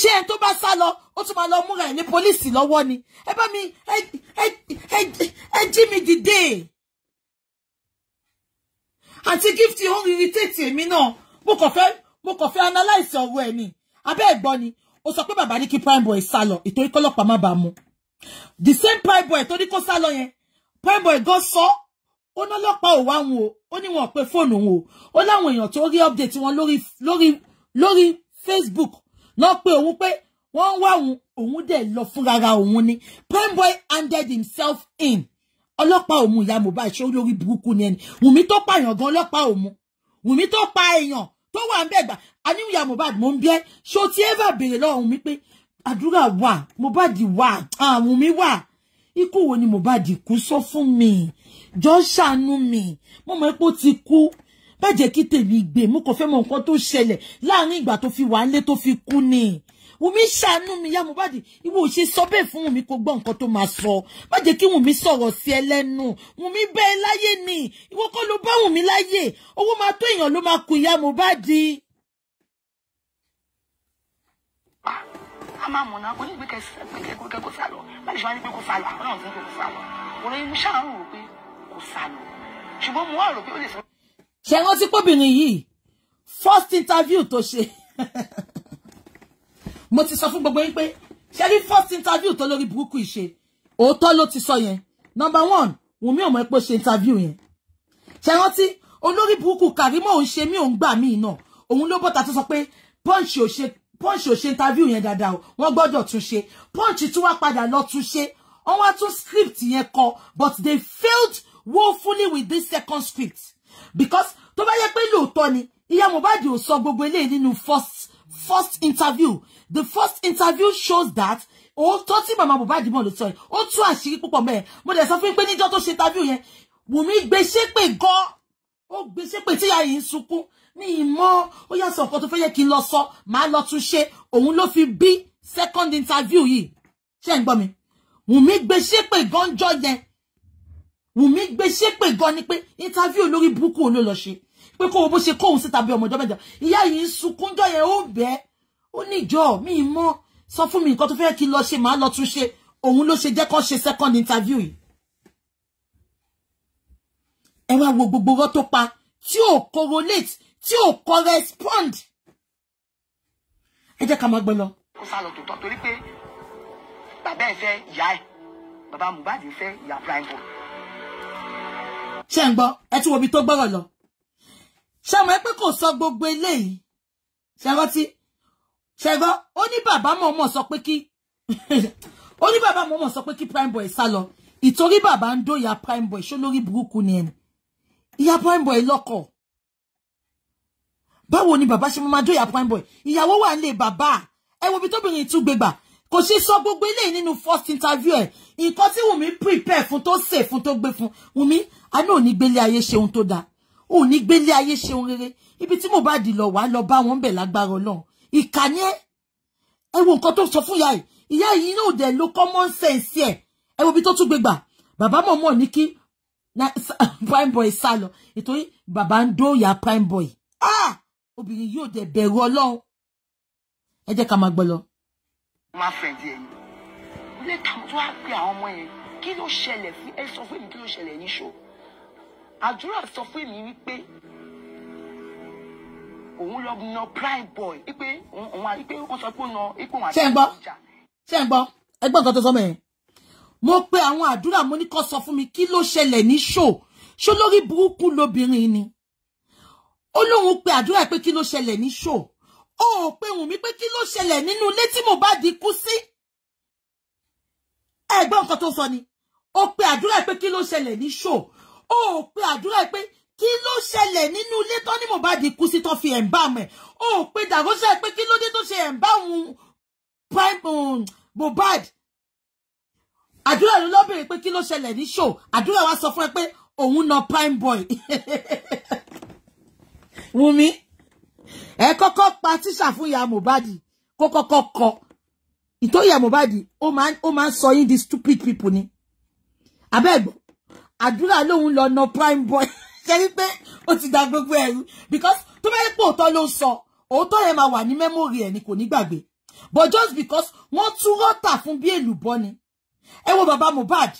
ṣé ẹ tó bá sá lọ ó tún máa lọ múra ẹ ní pólíìsì lọ́wọ́ ni ẹ bá mi ẹ jí mi dìde àti gíftì ó ń irritate èmi náà mo kàn fẹ́ mo kàn fẹ́ analyse ọ̀rọ̀ ẹ̀ ni abẹ́ ẹ̀ gbọ́ ni ó sọ pé bàbá ní kí prime boy sá lọ ìtorí kọ́lọ́pàá má bàa mú the same prime boy tó ní kó sá lọ yẹn prime boy gan sọ ó ná lọ́pàá ò wá wọn o ó ní wọn pé fóònù wọn o ó láwọn èèyàn tó rí update wọn lórí lórí lórí Facebook lọ pé òun pé wọ́n ń wá òun òun dẹ̀ lọ fúnrara òun ni Primeboy handed himself in ọlọ́pàá òun ìyá Mohbad ṣe olórí burúkú ni ẹni Wùmí tó pààyàn gan ọlọ́pàá òun Wùmí tó pa èèyàn tó wà ń bẹ̀ gbà àní ìyá Mohbad mò ń bí ẹ́ ṣó tí ever béèrè lọ́wọ́ Wùmí pé àdúrà wà Mohbad wà àwọn mi wà ikú wo ni Mohbad kú sọ fún mi jọ ṣàánú mi mo mọ̀ pé ó ti kú má jẹ́ kí tèmi gbé mú kò fẹ́ mọ nǹkan tó ṣẹlẹ̀ láàrin ìgbà tó fi wà ń lé tó fi kú ni wùmí ṣàánú mi yá Mohbad ìwọ ò ṣe sọ bẹ́ẹ̀ fún wùmí kó gbọ́ nǹkan tó máa sọ má jẹ́ kí wùmí sọ̀rọ̀ sí ẹ lẹ́nu wùmí bẹ́ẹ̀ láyé ni ìwọ kọ́ ló bá wùmí láyé owó máa tó èèyàn ló máa kú ìyá Mohbad. a máa mọ̀nà kó ní ìgbékẹ̀ kẹ́kẹ́ kó sálọ láti ṣe ní pé kó sálọ àwọn náà ti ń pè kó sálọ òun ni mo ṣáà rò pé kó sálọ ṣùgbọ́n mo wá rò pé ó lè sọ ṣe rántí pọ́bìnrin yìí first interview tó ṣe mo ti sọ fún gbogbo yín pé ṣe rí first interview tó lórí burúkú ìṣe òótọ́ ló ti sọ yẹn number one Wùnmí ò mọ ẹ pé ó ṣe interview yẹn ṣe rántí olórí burúkú Kàrímọ̀ òun ṣe mí òun gbà mí náà òun ló bọ́ta tó sọ pé punch ò ṣe punch ò ṣe interview yẹn dáadáa o wọ́n gbọ́dọ̀ tún ṣe punch tún wá padà lọ tún ṣe wọ́n wá tún script yẹn kọ but they failed woefully with this second script because tó bá yẹ pé lóòótọ́ ni ìyá Mohbad ò sọ gbogbo eléyìí nínú first first interview the first interview shows that òótọ́ tí màmá mama mọ̀ ló sọ yìí ó tú àṣírí púpọ̀ mẹ́ẹ̀ mo dẹ̀ sọ fún pé níjọ́ tó ṣe interview yẹn Wùmí gbé ṣépè gan ó gbé ṣépè tíyà yìí ń sunkún ní ìmọ̀ ó yà sọ̀kọ́ tó fẹ́ yẹ kí n lọ sọ màá lọ tún ṣe òun ló fi bí second interview yìí ṣé ń gbọ́ mi Wùmí gbé ṣépè gan jọ yẹn Wùmí gbé ṣépè gan ni pé interview lórí burúkú ló lọ ṣe pé kó o bó ṣe kóhun síta bí ọmọ ọjọ́ mẹ́ta ìyá yìí ń sunkúnjọ́ yẹn ó bẹ́ ó níjọ́ mi mọ́ sọ fún mi nǹkan tó fẹ́ kí lọ ṣe màá lọ tún ṣe òun ló ṣe jẹ́ kó ṣe second interview yìí. ẹ wá wo gbogbo ọ̀rọ̀ tó pa tí ò correlate tí ò correspond. ẹ jẹ́ ká máa gbẹ lọ. ó sá lọ baba torí pé bàbá ẹ̀ fẹ́ ìyá ẹ̀ bàbá Mohbad fẹ́ ìyá Primeboy ṣe ń gbọ́ ẹ tún wo ibi tó gbọ́rọ̀ lọ ṣe mọ̀ pé kò sọ gbogbo eléyìí ṣe rántí ṣe gbọ́ ó ní bàbá mọ̀ọ́mọ̀ sọ pé kí ó ní bàbá mọ̀ọ́mọ̀ sọ pé kí prime boy sá lọ ìtorí bàbá ń dó ìyá prime boy ṣó lórí burúkú ni ẹni ìyá prime boy lọ́kọ̀ọ́ báwo ni bàbá ṣe mo máa dóyà prime boy ìyàwó wà nílé bàbá ẹ wo ibi tóbìnrin tún gbégbà kò ṣe sọ gbogbo eléyìí nínú first interview ẹ nǹkan tí Wùmí prepare fún tó sè fún tó gbé fún Wùmí àánú ò ní gbélé ayé ṣe ohun tó dáa ò ní gbélé ayé ṣe ohun rere ibi tí Mohbad lọ wá lọ bá wọn bẹ̀ lágbára Ọlọ́run ìkànnì ẹ wo nǹkan tó sọ fún ìyá yìí ìyá yìí náà dẹ̀ ló common sense ẹ̀ ẹ wo ibi tó tún gbé gbà bàbá mọ̀mọ́ ní kí prime boy salo, lọ nítorí bàbá ń dóòyà prime boy ah obìnrin yóò dẹ̀ bẹ̀rù Ọlọ́run ẹ jẹ́ ká máa gbọ́ lọ. má fẹ̀dí ẹ̀yìn lẹ́tà tó wá pe àwọn ọmọ yẹn kí ló ṣẹlẹ̀ fún ẹ sọ fún mi kí ló ṣẹlẹ̀ ní ṣòro àdúrà sọ fún mi wípé òun lọ na prime boy wípé òun àrí pé wọ́n sọ pé ó na ipò wọn àti ìjà. ṣé ń gbọ́ ẹ gbọ́ nǹkan tó sọ mẹ́rin mo pe àwọn àdúrà mo ní kó sọ fún mi kí ló ṣẹlẹ̀ ní ṣò ṣó lórí burúkú lobìnrin ni ó lóun pe àdúrà pé kí ló ṣẹlẹ̀ ní ṣò ó pe wùn mí pé kí ló ṣẹlẹ̀ nínú ilé tí Mohbad kú sí ẹ nǹkan tó sọ ni ó pe àdúrà pé kí ló ṣẹlẹ̀ ní ṣò ó pe àdúrà pé kí ló ṣẹlẹ̀ nínú ilé tó ní Mohbad kú sí tó fi ẹ̀ǹbá mọ̀ ẹ̀ ó pe dàgọ́sà pé kí ló dé tó ṣe ẹ̀ǹbá òun um, Mohbad àdúrà ló lọ́bìnrin pé kí ló ṣẹlẹ̀ ní show àdúrà wa sọ fún ẹ pé òun na prime boy Wùmí ẹ kọ́kọ́ pa tíṣà fún ìyá Mohbad kó kọ́kọ́ kọ ìtọ́ ìyá Mohbad ó máa ń sọ yín di stupid people ni abẹ́gbọ́ àdúrà lòun lọ na prime boy ṣe rí pé ó ti gba gbogbo ẹ̀rú because tó bá yẹ pé òótọ́ ló sọ òótọ́ yẹn máa wà ní mẹ́mórì ẹ̀ ni kò ní gbàgbé but just because wọ́n tún rọ́tà fún bí èlùbọ́ ni ẹ wo bàbá Mohbad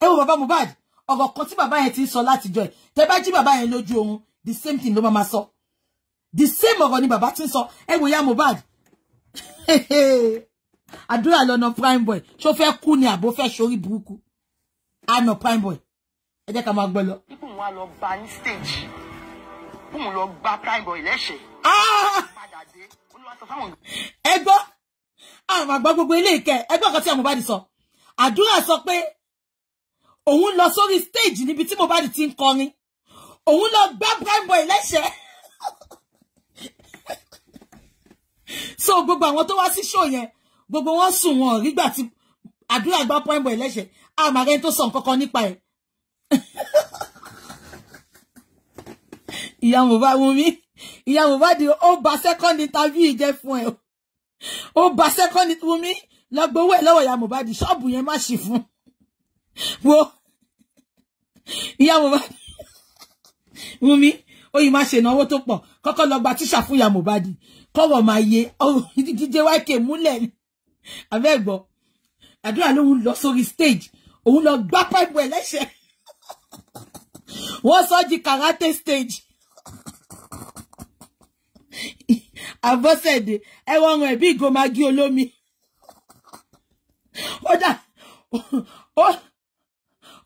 ẹ wo bàbá Mohbad ọ̀rọ̀ kan tí bàbá yẹn ti ń sọ látijọ́ ẹ̀ tẹ́ bá jí bàbá yẹn lójú oorun the same thing ló máa ma sọ the same ọ̀rọ̀ ni bàbá ti ń sọ ẹ wo ya Mohbad àdúrà lọ́nà prime boy ṣó fẹ́ kú ni àbó fẹ́ ṣorí burúkú àna prime boy ẹ jẹ́ ká máa gbọ́ lọ. ibù wọn lọ gba ní stage ibù wọn lọ gba prime boy lẹ́sẹ̀. Ah! ẹ gbọ́ àwọn àgbà gbogbo ilé ìkẹ́ ẹ gbọ́ nǹkan tí Mohbad sọ àdúrà sọ pé òun lọ sórí stage níbi tí ba di ń kọrin òun lọ gba prime boy lẹ́sẹ̀. so gbogbo àwọn tó wá sí show yẹn gbogbo wọn sùn wọn rígbà tí àdúrà gba prime boy lẹ́sẹ̀ ma àmàrẹ́ tó sọ nǹkan kan nípa ẹ̀ ìyá Mohbad Wunmi ìyá Mohbad di ó ba second interview jẹ fún ẹ ó ba second Wunmi lọ gbowó ẹ lọ́wọ́ ìyá Mohbad di ṣọ́ọ̀bù yẹn má ṣì fún wo ìyá Mohbad Wunmi ó yìí má ṣe ìnáwó tó pọ̀ kọ́kọ́ lọ gba tíṣà fún ìyá Mohbad kọwọ máa yẹ ọrùn jíjẹ wáìkè múlẹ̀ abẹ́gbọ́ àdúrà ló ń lọ sórí stage òun lọ gbá pẹ́ẹ́bù ẹ̀ lẹ́sẹ̀ wọ́n sọ di karate stage àbọ̀sẹ̀dé ẹ̀wọ̀n ọ̀rùn ẹ̀bí ìgòmági olómi ó dà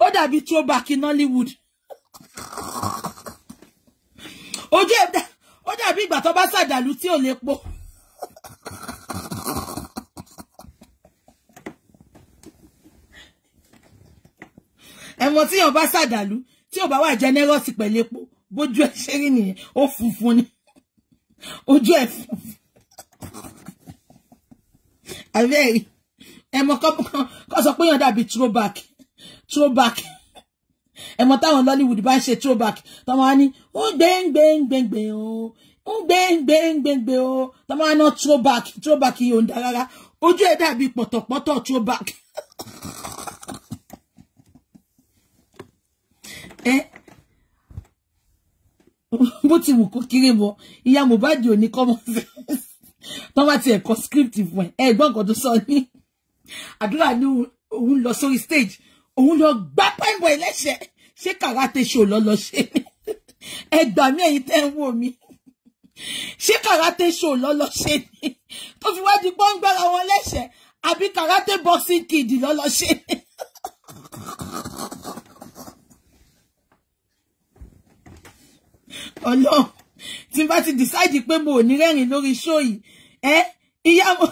ó dàbí throwback in Nollywood ojú ẹ̀ ó dàbí ìgbà tó bá ṣàdàlú tí ò lè po. ẹ̀wọ̀n tíyàn bá ṣàdàlú tí ò bá wà generous pẹ̀lú epo bójú ẹ̀ ṣe rí nìyẹn ó funfun ni ojú ẹ̀ funfun àbẹ́rẹ́ ẹ̀mọ kọ́ sọ pé yàn dàbí throwback throwback ẹ̀mọ táwọn Nollywood bá ń ṣe throwback tọmọ wa ní ó gbẹ́ngbẹ́ngbẹ́ngbẹ́ o ó gbẹ́ngbẹ́ngbẹ́ngbẹ́ o tọmọ wa náà throwback throwback yìí ò ń da rárá ojú ẹ̀ dàbí pọ̀tọ̀pọ̀tọ̀ throwback. Eh, bó ti wù kó kéré bọ ìyá Mohbad ò ní common sense tó bá tiẹ̀ kọ script fún ẹ ẹ gbọ́ nǹkan tó sọ ní àdúrà ní òun lọ stage òun lọ gbá pẹ́ńbọ̀ ẹlẹ́ṣẹ̀ ṣé karate show lọ lọ ṣe ẹ gbà mi. ẹ̀yin tẹ́ ń wò mí karate show lọ lọ ṣe ni tó fi wá di pọ́ńgbára wọn lẹ́ṣẹ̀ àbí karate boxing kid lọ lọ ṣe ni. Ọlọ́run tí n bá ti decide pé mo ò ní rẹ́rìn lórí show yìí ẹ ìyá mo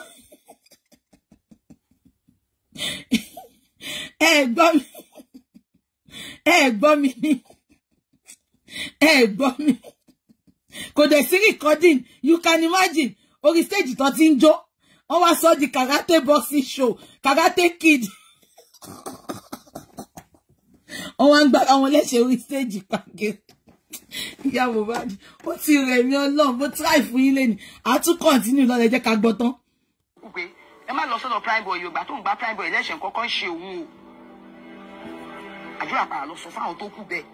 ẹ gbọ́ mi ẹ gbọ́ mi ni ẹ gbọ́ mi kò dẹ̀ sí recording you can imagine orí stage tó ti ń jó wọ́n wá sọ di karate boxing show karate kid wọ́n wá ń gbára wọn lẹ́sẹ̀ orí stage pàgẹ́rẹ́ ìyá Mohbad ó ti rẹ̀ mí ọlọ́run bó tíráì fún yín lẹ́nu àtún kọ́ńtínú lọ́lẹ̀ jẹ́ ká gbọ́ tán. gbé ẹ má lọ sọ́dọ̀ prime boy yorùbá tó ń gba prime boy ẹlẹ́ṣẹ̀ kọ́kọ́ ń ṣe òun o àdúrà padà lọ sọ fún àwọn tó kù bẹ́ẹ̀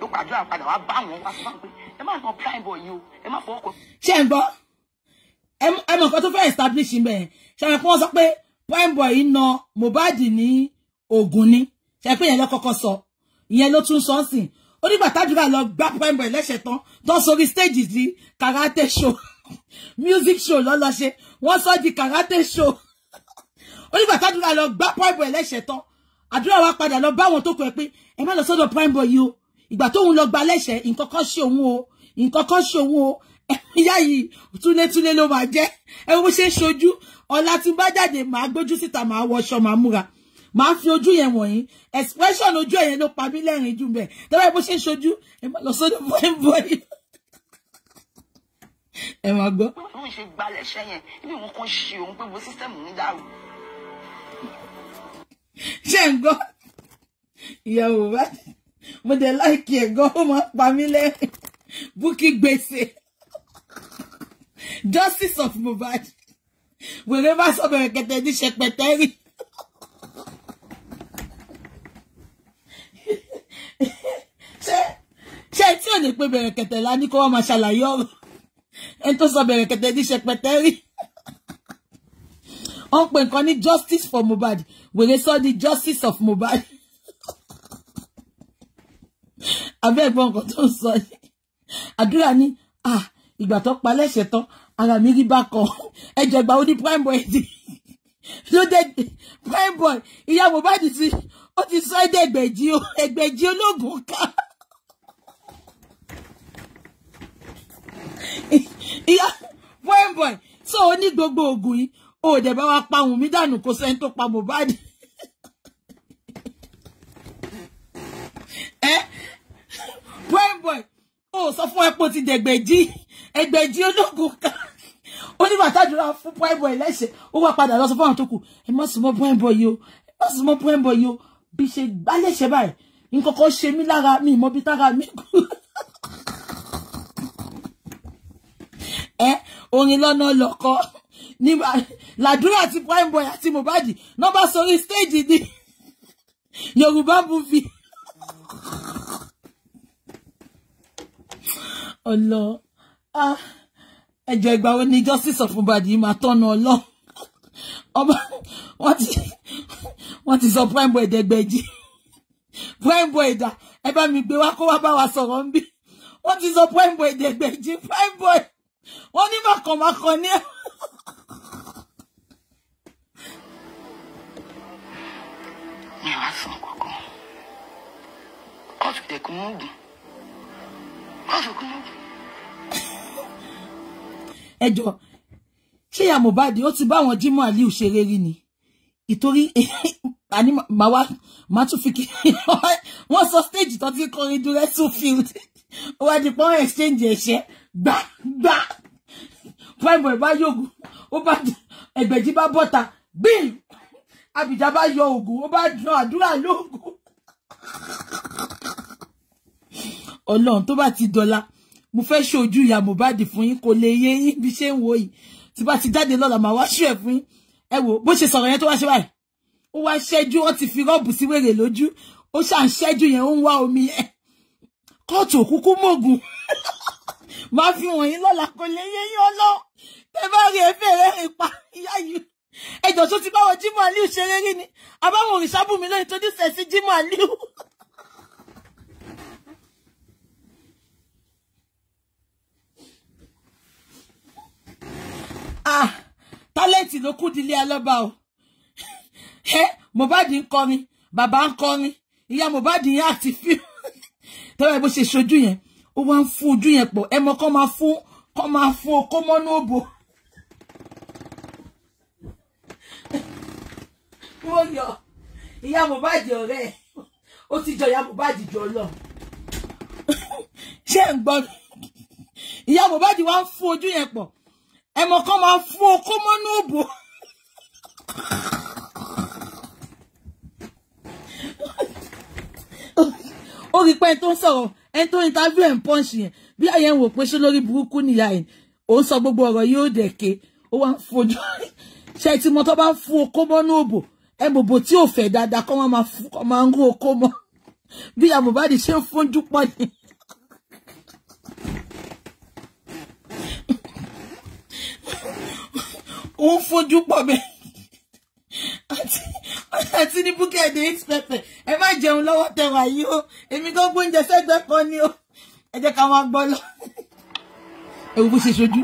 ló pàdúrà padà wá bá wọn wá sọ fún pé ẹ má lọ prime boy yìí o ẹ má fọwọ́ kọ. ṣé ń gbọ́ ẹ mọ̀ nǹkan tó fẹ́ establish mẹ́ẹ̀ ṣàmì pé wọ́n sọ pé prime boy na Mohbad ní Ògùn ni ṣàmì pé ìyẹn ló kọ́kọ́ sọ ìyẹn ló tún sọ sìn onígbà tádùúrà lọ gbá pẹ́ẹ́mọ̀ ẹlẹ́ṣẹ̀ tán tán sórí stage di karate show music show lọ́lọ́ ṣe wọ́n sọ di karate show onígbà tádùúrà lọ gbá pẹ́ẹ́mọ̀ ẹlẹ́ṣẹ̀ tán àdúrà wa padà lọ bá àwọn tó kọ ẹ pé ẹ má lọ sọ́dọ̀ prime boy yìí o ìgbà tóun lọ gba lẹ́ṣẹ̀ nǹkan kan ṣe òun o nǹkan kan ṣe òun o ìyá yìí túlétúlé ló máa jẹ́ ẹ wo bó ṣe ń ṣojú ọ̀la tí bá jáde màá gbójú síta màá wọṣọ màá múra máa fi ojú yẹn wọ̀nyí expression ojú yẹn ló pa mí lẹ́rìn jù bẹ́ẹ̀ tẹ́lẹ̀ bó ṣe ń ṣojú ẹ má lọ sọ́dọ̀ bọ́ẹ̀ bọ́ẹ̀ ẹ máa gbọ́. bí mo ṣe gbalẹ̀ ṣẹ́ yẹn ibi wọn kan ṣe òun pé bo sísẹ́mù ń dàrú. ṣé ń gbọ́ ìyàwó bá mo dẹ̀ láìkí ẹ̀ gan ó máa ń pa mí lẹ́rìn búkí gbèsè justice of Mohbad wèrè bá sọ bẹ̀rẹ̀ kẹtẹ ní ṣẹpẹtẹ rí. ṣé ṣé tí ò ní pé bẹ̀rẹ̀kẹ̀tẹ̀ la ní kó wá máa ṣàlàyé ọ̀rọ̀ ẹni tó sọ bẹ̀rẹ̀kẹ̀tẹ̀ ní ṣẹpẹtẹ́rì ó ń pè nǹkan ní justice for Mohbad wèrè sọ ní justice of Mohbad abẹ́ẹ̀gbọ́n nǹkan tó ń sọ yìí àdúrà ní ìgbà tó pa lẹ́sẹ̀ tán ara mi rí bákan ẹ̀jẹ̀ gbà ó ní prime boy ló dé prime boy ìyá Mohbad ti ó ti sọ ẹ́ dẹ̀gbẹ̀jì o ẹgbẹ̀jì ológun ká. ìyá boy boy so ó ní gbogbo oògùn yìí ó dẹ̀ bá wa pa ohun mi dànù kó sẹ́ni tó pa Mohbad. ẹ boy boy ó sọ fún ẹ pé ó ti dẹ̀gbẹ̀jì ẹgbẹ̀jì ológun ká ó ní bàtàdúrà fún boy boy lẹ́sẹ̀ ó wá padà lọ sọ fún àwọn tó kù ẹ má sùn mọ́ boy boy yìí o ẹ má sùn mọ́ boy boy yìí o bí ṣe gbálẹ̀ṣẹ̀ báyìí nǹkan kan ṣe mí lára mi ìmọ̀ bí tára mi kú. ẹ orin lọ́nà lọ́kọ nígbà làdúrà àti prime boy àti Mohbad nọ́mbà sórí stage ni Yorùbá movie. ọlọ ah, ẹjọ ìgbà wo ni justice of Mohbad yìí máa tọ́nà ọlọ́run ọba wọ́n ti wọ́n ti sọ prime boy dẹgbẹ̀jì prime boy da. ẹ bá mi gbé wá kó wá bá wa sọ̀rọ̀ ń bí wọ́n ti sọ prime boy dẹgbẹ̀jì prime boy wọ́n ní màkànmákan ní ẹ̀. mi wá sàn kankan kóòtù tẹkùn oògùn kóòtù kún oògùn. ẹ jọ ṣé ya Mohbad ó ti bá àwọn Jimoh Aliu ṣeré rí ni ìtorí àní màá wá màá tún fi kí wọ́n sọ stage tó ti kọrin dúró two field wọ́n di pọ́n exchange ẹ̀ṣẹ́ gbà gbà prime boy bá yògùn ó bá ẹgbẹ̀jì bá bọ́ta bíi abìjà bá yọ ògùn ó bá dùn àdúrà lóògùn ọlọ́run tó bá ti dọ́là mo fẹ́ ṣojú ìyá Mohbad fún yín kò lè yé yín bí ṣe ń wò yìí tí bá ti jáde lọ́la màá wá ṣú ẹ̀ fún yín ẹ wò bó ṣe sọ̀rọ̀ yẹn tó wá ṣe báyìí ó wá ṣẹ́jú wọ́n ti fi rọ́ọ̀bù sí wèrè lójú ó ṣàn ṣẹ́jú yẹn ó ń wá omi yẹn kóòtù òkúkú mògùn máa fi wọ̀nyí lọ́la kò lè yé yín ọlọ́run tẹ bá rí ẹfẹ́ rẹ̀ rìn pa ìyá yìí ẹjọ́ tó ti báwọn Jimoh Aliu ṣeré rí ni àbáwọn òrìṣàbùnmi lóyún tó dìṣẹ́ sí Jimoh Aliu ah tálẹ́ǹtì ló kú dilé alọ́ba o ẹ Mohbad ń kọrin bàbá ń kọrin ìyá Mohbad ń àti fíìmù tọ́wọ́ ẹ bó ṣe ṣojú yẹn ó wá ń fún ojú yẹn pọ̀ ẹ mọ kọ́ máa fún kọ́ máa fún okó mọ́nú òbò. mo yọ ìyá Mohbad ọ̀rẹ́ ẹ̀ ó ti jọ ìyá Mohbad jọ lọ ṣé ń gbọ́ ìyá Mohbad wá ń fún ojú yẹn pọ̀ ẹmọ kan máa fún okó mọ́nú òbò. ó rí pé ẹni tó ń sọ̀rọ̀ ẹni tó ń interview ẹ̀ ń pọ́ǹsì yẹn bí àyẹ̀ ń wò pé ṣé lórí burúkú nìyá ẹ̀ ò ń sọ gbogbo ọ̀rọ̀ yóò dẹ̀ ke ó wá ń fojú ṣe ti mọ tó bá ń fún okó mọ́nú òbò ẹ bòbò tí ò fẹ́ dáadáa kọ́ máa ń rú okó mọ́ bí àbùbádìí ṣe ń fojú pọ̀ yẹn. ń fojú pọ̀ bẹ́ẹ̀ àti ní búkẹ́ ẹ̀dẹ̀ eight pepper ẹ má jẹun lọ́wọ́ tẹwà yìí o èmi kan gbóúnjẹ sẹ́gbẹ́ kan ni o ẹ jẹ́ ká máa gbọ́ lọ. ẹ wo bó ṣe ṣojú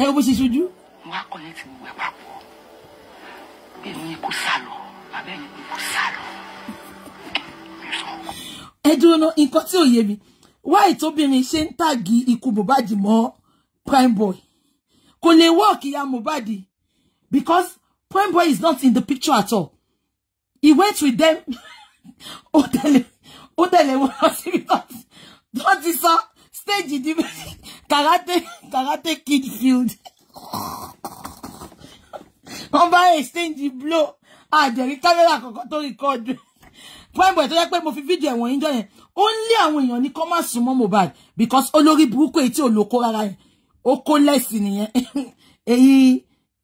ẹ wo bó ṣe ṣojú. wọn á kọ yẹn ti wẹ papọ̀ èmi kò sá lọ bàbá ẹni kò sá lọ. ẹ dúró ná nǹkan tí ò yé mi wáì tóbìnrin ṣe ń tàgì ikú Mohbad mọ́ Primeboy kò lè wọ́ọ̀kì ya Mohbad Because point Boy is not in the picture at all. He went with them. Odele, Odele was because that is a stage in the karate, karate kid field. Wọ́n bá exchange blow. Ah, kámẹ́rà kọ̀ọ̀kan tó record. Point Boy today yẹ pé mo fi fídíò ẹ̀wọ̀n yín jọ yẹn. Ó ń lé àwọn èèyàn ní kọ́ máa because olórí burúkú èyí tí ò lóko rárá yẹn. Ó kó lẹ́sìn nìyẹn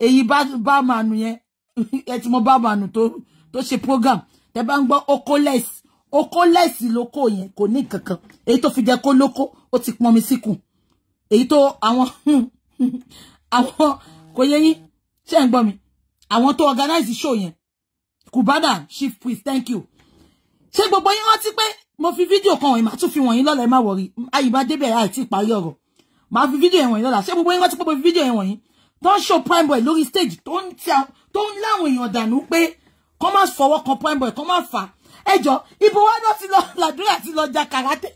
èyí ba ba manu yẹn ẹ ti mọ bá mànù tó tó ṣe program tẹ bá ń okoles okoles lóko yẹn kò ní kankan èyí tó fi jẹ kó lóko ó ti pọnmi síkùn èyí tó àwọn àwọn kò yẹ yín ṣe ń gbọ́ mi àwọn tó organize show yẹn kubada, chief please thank you ṣé gbogbo yín rántí pé mo fi fídíò kan ìmà tún fi wọ̀nyí lọ́la ẹ má wọ̀rí ayì bá débẹ̀ àìtí ìparí ọ̀rọ̀ màá fi fídíò yẹn wọ̀nyí lọ́la ṣé gbogbo yín rántí pé mo fi fídíò yẹn wọ̀nyí tó ń ṣò prime boy lórí stage tó ń tí a tó ń láwọn èèyàn dànù pé kọ́ má fọwọ́ kan prime boy kọ́ má fà á ẹjọ́ ibo wa náà ti lọ làdúrà ti lọ ja karate.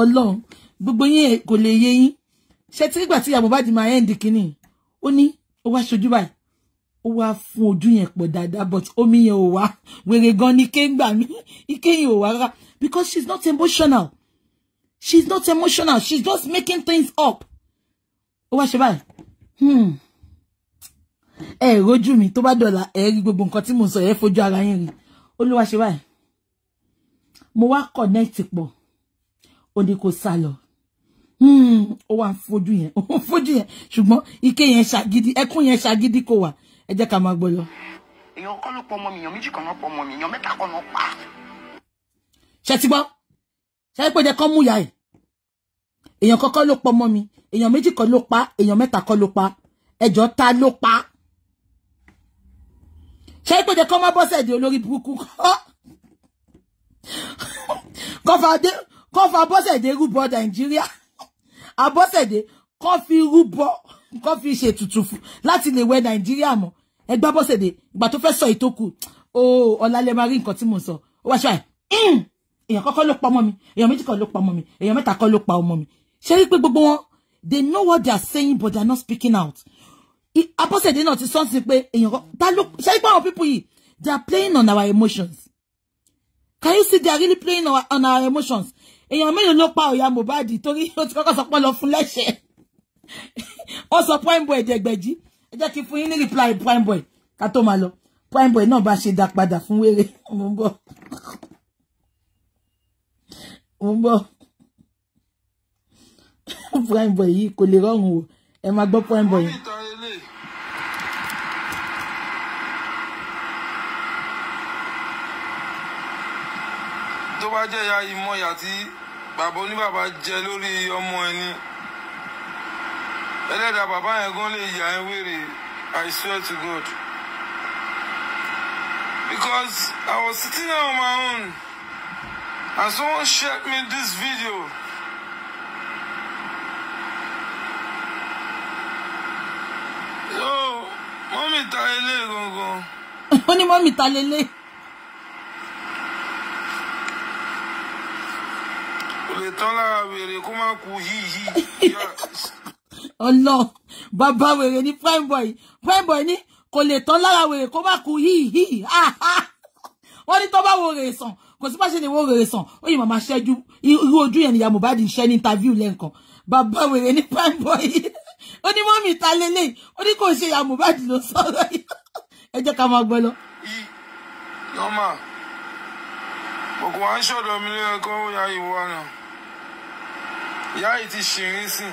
ọlọ́run gbogbo yín kò lè yé yín ṣé tí nígbà tí ìyá Mohbad my end, ń di kínní ó ní ó wá ṣojú báyìí ó wá fún ojú yẹn pọ̀ dáadáa but omi yẹn ò wá wèrè gan ni ike ń gbà mí ike yẹn ò wá rárá because she is not emotional she's not emotional she's just making things up Owa wá ṣe báyìí hmm. ẹ mi tó bá dọ̀là ẹ rí gbogbo nǹkan tí mo sọ ẹ fojú ara yín rí olúwa ṣe báyìí mo wá connect pọ̀ òní kò sá lọ hmm. ó wà ń fojú yẹn ó ń fojú yẹn ike yẹn ṣàgídí ẹkún yẹn ṣàgídí kò wà ẹ jẹ́ ká máa gbọ́ lọ. èèyàn kọ́ ló pọ̀ mi èèyàn méjì kan náà pọ̀ mi èèyàn mẹ́ta kan náà pa. ṣe ti gbọ́ ṣe pé jẹ́ kán mú ìyá ẹ̀ èèyàn kọ́kọ́ ló pọ̀ mọ́ mi èèyàn méjì kan ló pa èèyàn mẹ́ta kan ló pa ẹjọ́ ta ló pa ṣe pé jẹ́ kán má bọ́ sẹ́ẹ̀dì olórí burúkú kọ́ fa bọ́sẹ̀dé rúbọ nàìjíríà abọ́sẹ̀dé kọ́ fi rúbọ kọ́ fi ṣètùtù láti lè wẹ nàìjíríà mọ́ ẹgbà bọ́sẹ̀dé ìgbà tó fẹ́ sọ ìtókù ó oh, ọ̀làlẹ́ máa rí nǹkan tí mo sọ So, wá ṣáà èèyàn kọ́kọ́ ló pa ọmọ mi èèyàn méjì kan ló pa ọmọ mi èèyàn mẹ́ta kan ló pa ọmọ mi ṣé rí gbogbo wọn they know what they are saying but they are not speaking out abọ́sẹ̀dé náà ti sọ́n sí pé èèyàn ta ló ṣé rí pé àwọn people yìí they are playing on our emotions can you see they are really playing on our, on our emotions èèyàn mélòó ló pa ọ̀yà Mohbad torí ó ti kọ́kọ́ sọ pé lọ fún lẹ́sẹ̀ ó sọ prime boy dẹ̀gbẹ̀jì ẹ jẹ́ kí n fún yín ní reply prime boy ká tó máa lọ prime boy náà bá ṣe dá padà fún wéré mo ń bọ̀ mo bọ́ prime boy yìí kò lè rọrùn o ẹ máa gbọ́ prime boy yìí. tó bá jẹ́ ìyá ìmọ̀yà tí bàbá oníbàbá jẹ lórí ọmọ ẹni ẹlẹ́dàá bàbá yẹn gan lè yà ẹ́ wèrè I swear to God because I was sitting down on my own and someone shared me this video yo mommy ta gongo. gangan. mommy ní mọ́mì ta lélẹ̀. kò lè tán lára wèrè kó má prime boy prime boy ni kò lè tán lára wèrè kó má kú híhí wọ́n ní tó bá wo rè sàn kò sí báṣe ni wọ́n rere sàn ó yìí màmá ṣẹ́jú irú ojú yẹn ni ìyá Mohbad ń ṣe ní interview lẹ́ǹkan bàbá wèrè ní prime boy ó ní mọ́mì ta lélẹ̀ ó ní kò ṣe ìyá Mohbad ló sọ̀rọ̀ yìí ẹ jẹ́ ká máa gbọ́ lọ. yọmọ òkú wa ń ṣọ̀dọ̀ mi lẹ́yìn kó ya ìwọ náà ìyá yìí ti ṣìrín sí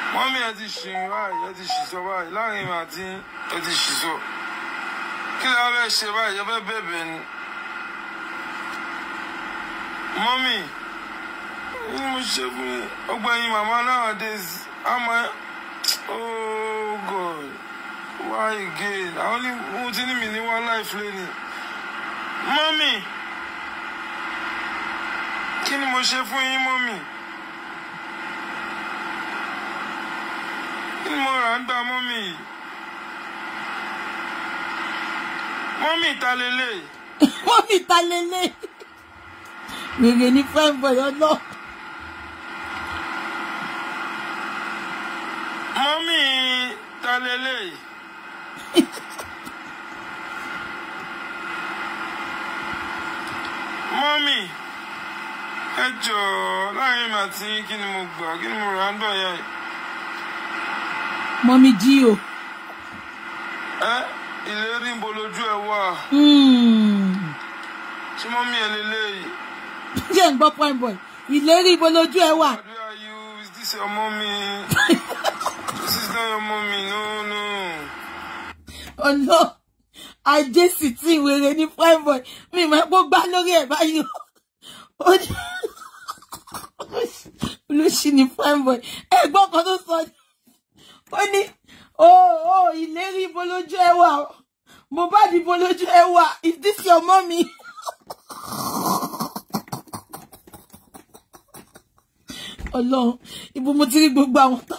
i mọ́mì ẹ ti ṣìrín báyìí ẹ ti ṣìṣọ́ báyìí láàrin ìrìn àti ẹ ti ṣìṣọ́. kí la fẹ́ ṣe báyìí ọbẹ̀ bẹ̀bẹ̀ ni mọ́mì ní mo se fún yín ọgbà ẹ̀yin màmá nowadays àmọ́ oh god why again i only mo ti ní mi ní one life lẹ́nu mọ́mì kí mo se fún yin mọ́mì. kí ni mo rà ń gbà mọ́mì yìí. mọ́mì ta lélẹ̀. mọ́mì ta lélẹ̀. wèrè ní fine boy ọlọ. mọ́mì ta lélẹ̀. mọ́mì ẹ jọ̀ọ́ láàrin màá tí kí ni mo gbà kí ni mo rà ń bọ̀ yá yìí. jí o. ẹ. Eh? ìlérí ń bolojú ẹ wà. tí mo mi ẹ lélẹ̀ yìí. ṣé ń gbọ́ point boy ìlérí ń bolojú ẹ wà. àdúrà yìí is this your mommy this is not your mommy no no. ọ̀nà ajé sì ti wèrè ní point boy mi máa gbó gbá lórí ẹ̀ báyìí o olùsí ní point boy ẹ gbọ́ kan tó sọ ó ní. Oh, oh! ìlérí ibo lójú Boba di Mohbad ibo is this your mommy. Ọlọ́run ibo mo ti rí gbogbo àwọn tá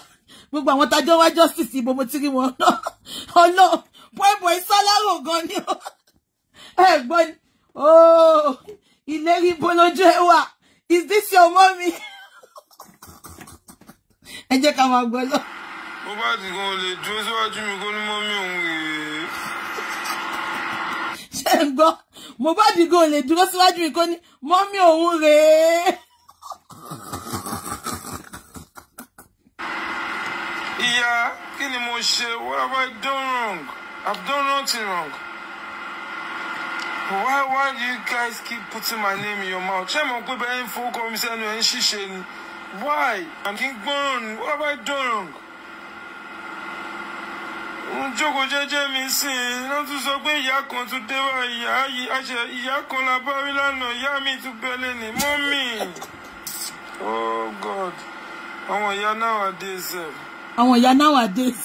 gbogbo àwọn tájọ wá justice ibo mo ti rí wọn náà Ọlọ́run pọìpọ ìsálárò gan ni ó ẹ gbọ́ ni ooo oh, ìlérí is this your mommy ẹ jẹ́ ká máa gbọ́ bó bá ti gan lè dúró síwájú mi kó ní mọ́mí òun rèé. ṣé ń gbọ́ Mohbad gan lè dúró síwájú mi kó ní mọ́mí òun rèé. ìyá kí ni mo ṣe what have I done wrong I've done nothing wrong. Why, why do you guys keep putting my name in your mouth? Ṣé mo pé bẹ́ẹ̀ ń fowó kọ́ mi sẹ́nu ẹ̀ ń ṣiṣẹ́ ni? Why? I'm king gbọ́n. What have I done wrong? ń jókòó jẹ́jẹ́ mi sí i ló tún sọ pé ìyá kan tún dé wá ìyá àṣẹ ìyá kan la bá rí lánàá ìyá mi tún bẹ́lẹ̀ ní mọ́mì oh god àwọn ìyá nowadays. Eh. àwọn ìyá nowadays.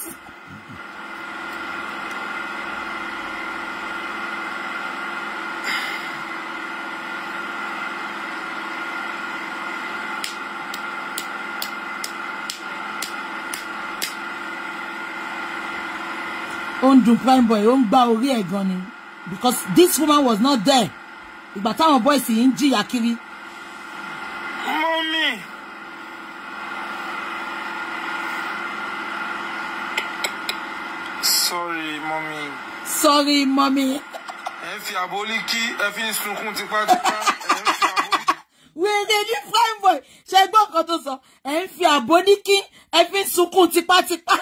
ń dun prime boy ó ń gbá orí ẹ̀ gan ni because this woman was not there ìgbà táwọn boys yìí ń jìyà kiri. mọ́mí. sorry mọ́mí. sorry mọ́mí. ẹ fi àbólí kí ẹ fi ń sunkún tipátipá wèrè ní prime boy ṣe gbọ́ nǹkan tó sọ ẹ̀ ń fi àbò kí ẹ fi ń sunkún tipátipá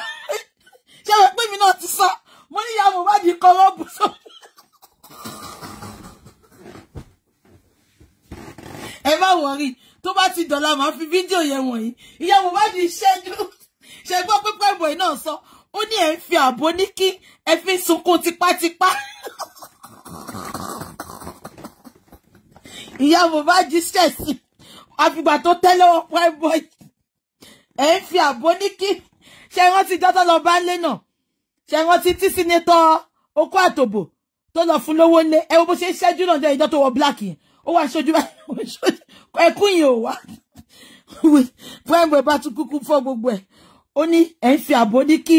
ṣé wọ́n pè mí náà ti sọ mo ní ìyá Mohbad kọ́ wọ́n bù sọ. ẹ má wọrí tó bá ti dọ̀la màá fi fídíò yẹn wọ̀nyí ìyá di ṣẹ́jú ṣe gbọ́ pípẹ́ ìbò náà sọ ó ní ẹ̀ ń fi àbò ní kí ẹ fi sunkún tipátipá. ìyá Mohbad ṣẹ̀sì àfìgbà tó tẹ́lẹ̀wọ́ pẹ́ bọ́ ẹ̀ ń fi àbò ní kí ṣe rántí dọ́tọ́ lọ bá lé náà ṣe rántí tí sínétọ́ okó àtòbò tó lọ fún lówó lé ẹ wo bó ṣe ń ṣẹ́jú náà jẹ́ ìjọ tó wọ black yẹn ó wà ṣojú ẹkún yìí ò wá pẹ́ẹ́gbẹ́ bá tún kúkú fọ́ gbogbo ẹ̀ ó ní ẹ̀ ń fi àbò ní kí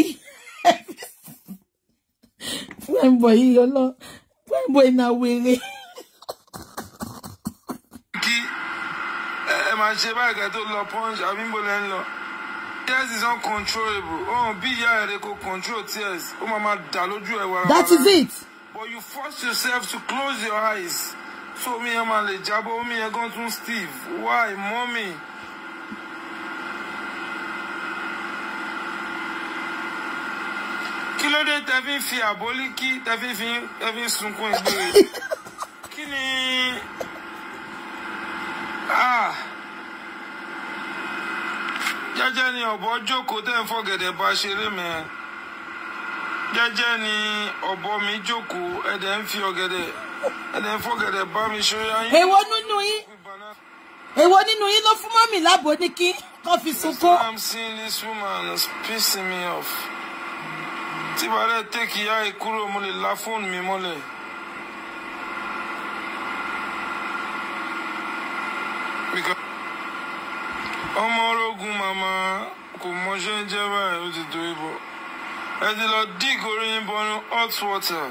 pẹ́ẹ́gbẹ́ yìí ọlọ́ pẹ́ẹ́gbẹ́ iná wéré. kí ẹ máa ṣe báyìí kẹ́ tó lọ pọ́ńṣ àbí ń bọ̀ lẹ́ lọ tears is uncontrollable ọ̀hún oh, bí ìyá ẹ̀rẹ́ kò control tears ó máa máa that is it. but you force yourself to close your eyes so me yẹn máa lè jábọ́ omi yẹn gan steve why mommy? kí ló dé fi aboli ki àbólíkí tẹ́ fi fi tẹ́ fi ah jẹ́jẹ́ ni ọ̀bọ jókòó tẹ́ ń fọ̀gẹ̀dẹ̀ bá ṣeré mẹ́ jẹ́jẹ́ ni ọ̀bọ mi jókòó ẹ̀dẹ̀ ń fi ọ̀gẹ̀dẹ̀ ẹ̀dẹ̀ ń fọ̀gẹ̀dẹ̀ bá mi ṣeré ayé. èwo nínú yín èwo nínú yín ló fún mọ́mì láàbò ní kí kó fi sunkún. I'm seeing this woman is pissing me off. tí bàrẹ̀ tẹ́kì yá ìkúrò mo lè la fóònù mi mọ́lẹ̀. because ọmọ ológun màmá kò mọṣẹ́ jẹ́ báyìí ó ti dorí bọ̀ ẹ ti lọ dig orí bọnú hot water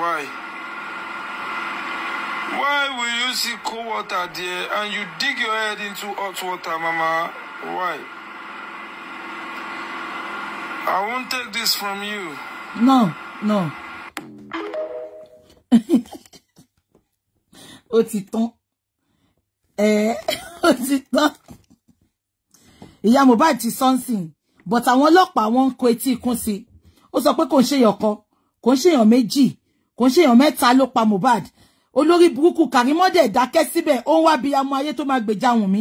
why why will you see cold water there and you dig your head into hot water mama why I won't take this from you. No, no. ó ti tán ẹ eh, ó ti tán ìyá Mohbad ti sọ́nsìn but àwọn ọlọ́pàá wọn ń kó etí ikún sí ó sọ pé kò ń ṣèyàn kan kò ń ṣèyàn méjì kò ń ṣèyàn mẹ́ta ló pa Mohbad olórí burúkú kàrímọ́dẹ̀ dákẹ́ síbẹ̀ ó ń wá bí amọ ayé tó máa gbèjà Wùnmí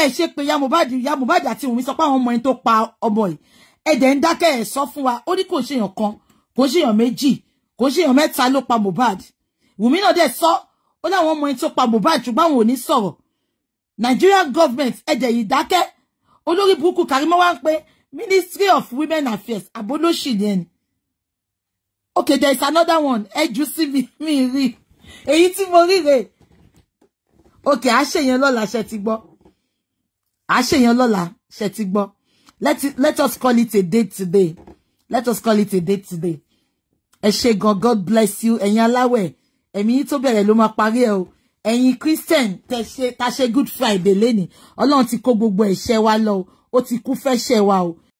ẹ ṣe pé ìyá Mohbad ìyá Mohbad àti Wùnmí sọ pé àwọn ọmọ ẹni tó pa ọmọ yìí ẹ dẹ̀ ń dákẹ́ ẹ̀ sọ fún wa ó ní kò ń ṣèyàn kan kò ń ṣèyàn méjì kò ń ṣèyàn mẹ́ta ló pa Mohbad Wùnmí náà dẹ̀ sọ ó láwọn ọmọ ẹni tó pa Mohbad ṣùgbọ́n àwọn ò ní sọ̀rọ̀ Nigeria government ẹ̀dẹ̀ yìí dákẹ́ olórí burúkú Karimo wá ń pé Ministry of Women Affairs abólóṣì ni ẹni okay there is another one ẹ jù sí mi mi rí èyí tí mo rí rèé okay àṣeyàn lọ́la ṣe ti gbọ́ àṣeyàn lọ́la ṣe ti gbọ́ let it, let us call it a day today let us call it a day today ẹ ṣé gan God bless you ẹ̀yin aláwẹ̀ ẹ̀mí yín tó bẹ̀rẹ̀ ló máa parí ẹ o ẹ̀yin christian tẹ ṣe ta ṣe good friday lénìí ọlọ́run ti kó gbogbo ẹ̀ṣẹ̀ wa lọ ó ti kú fẹ́ṣẹ̀ wa o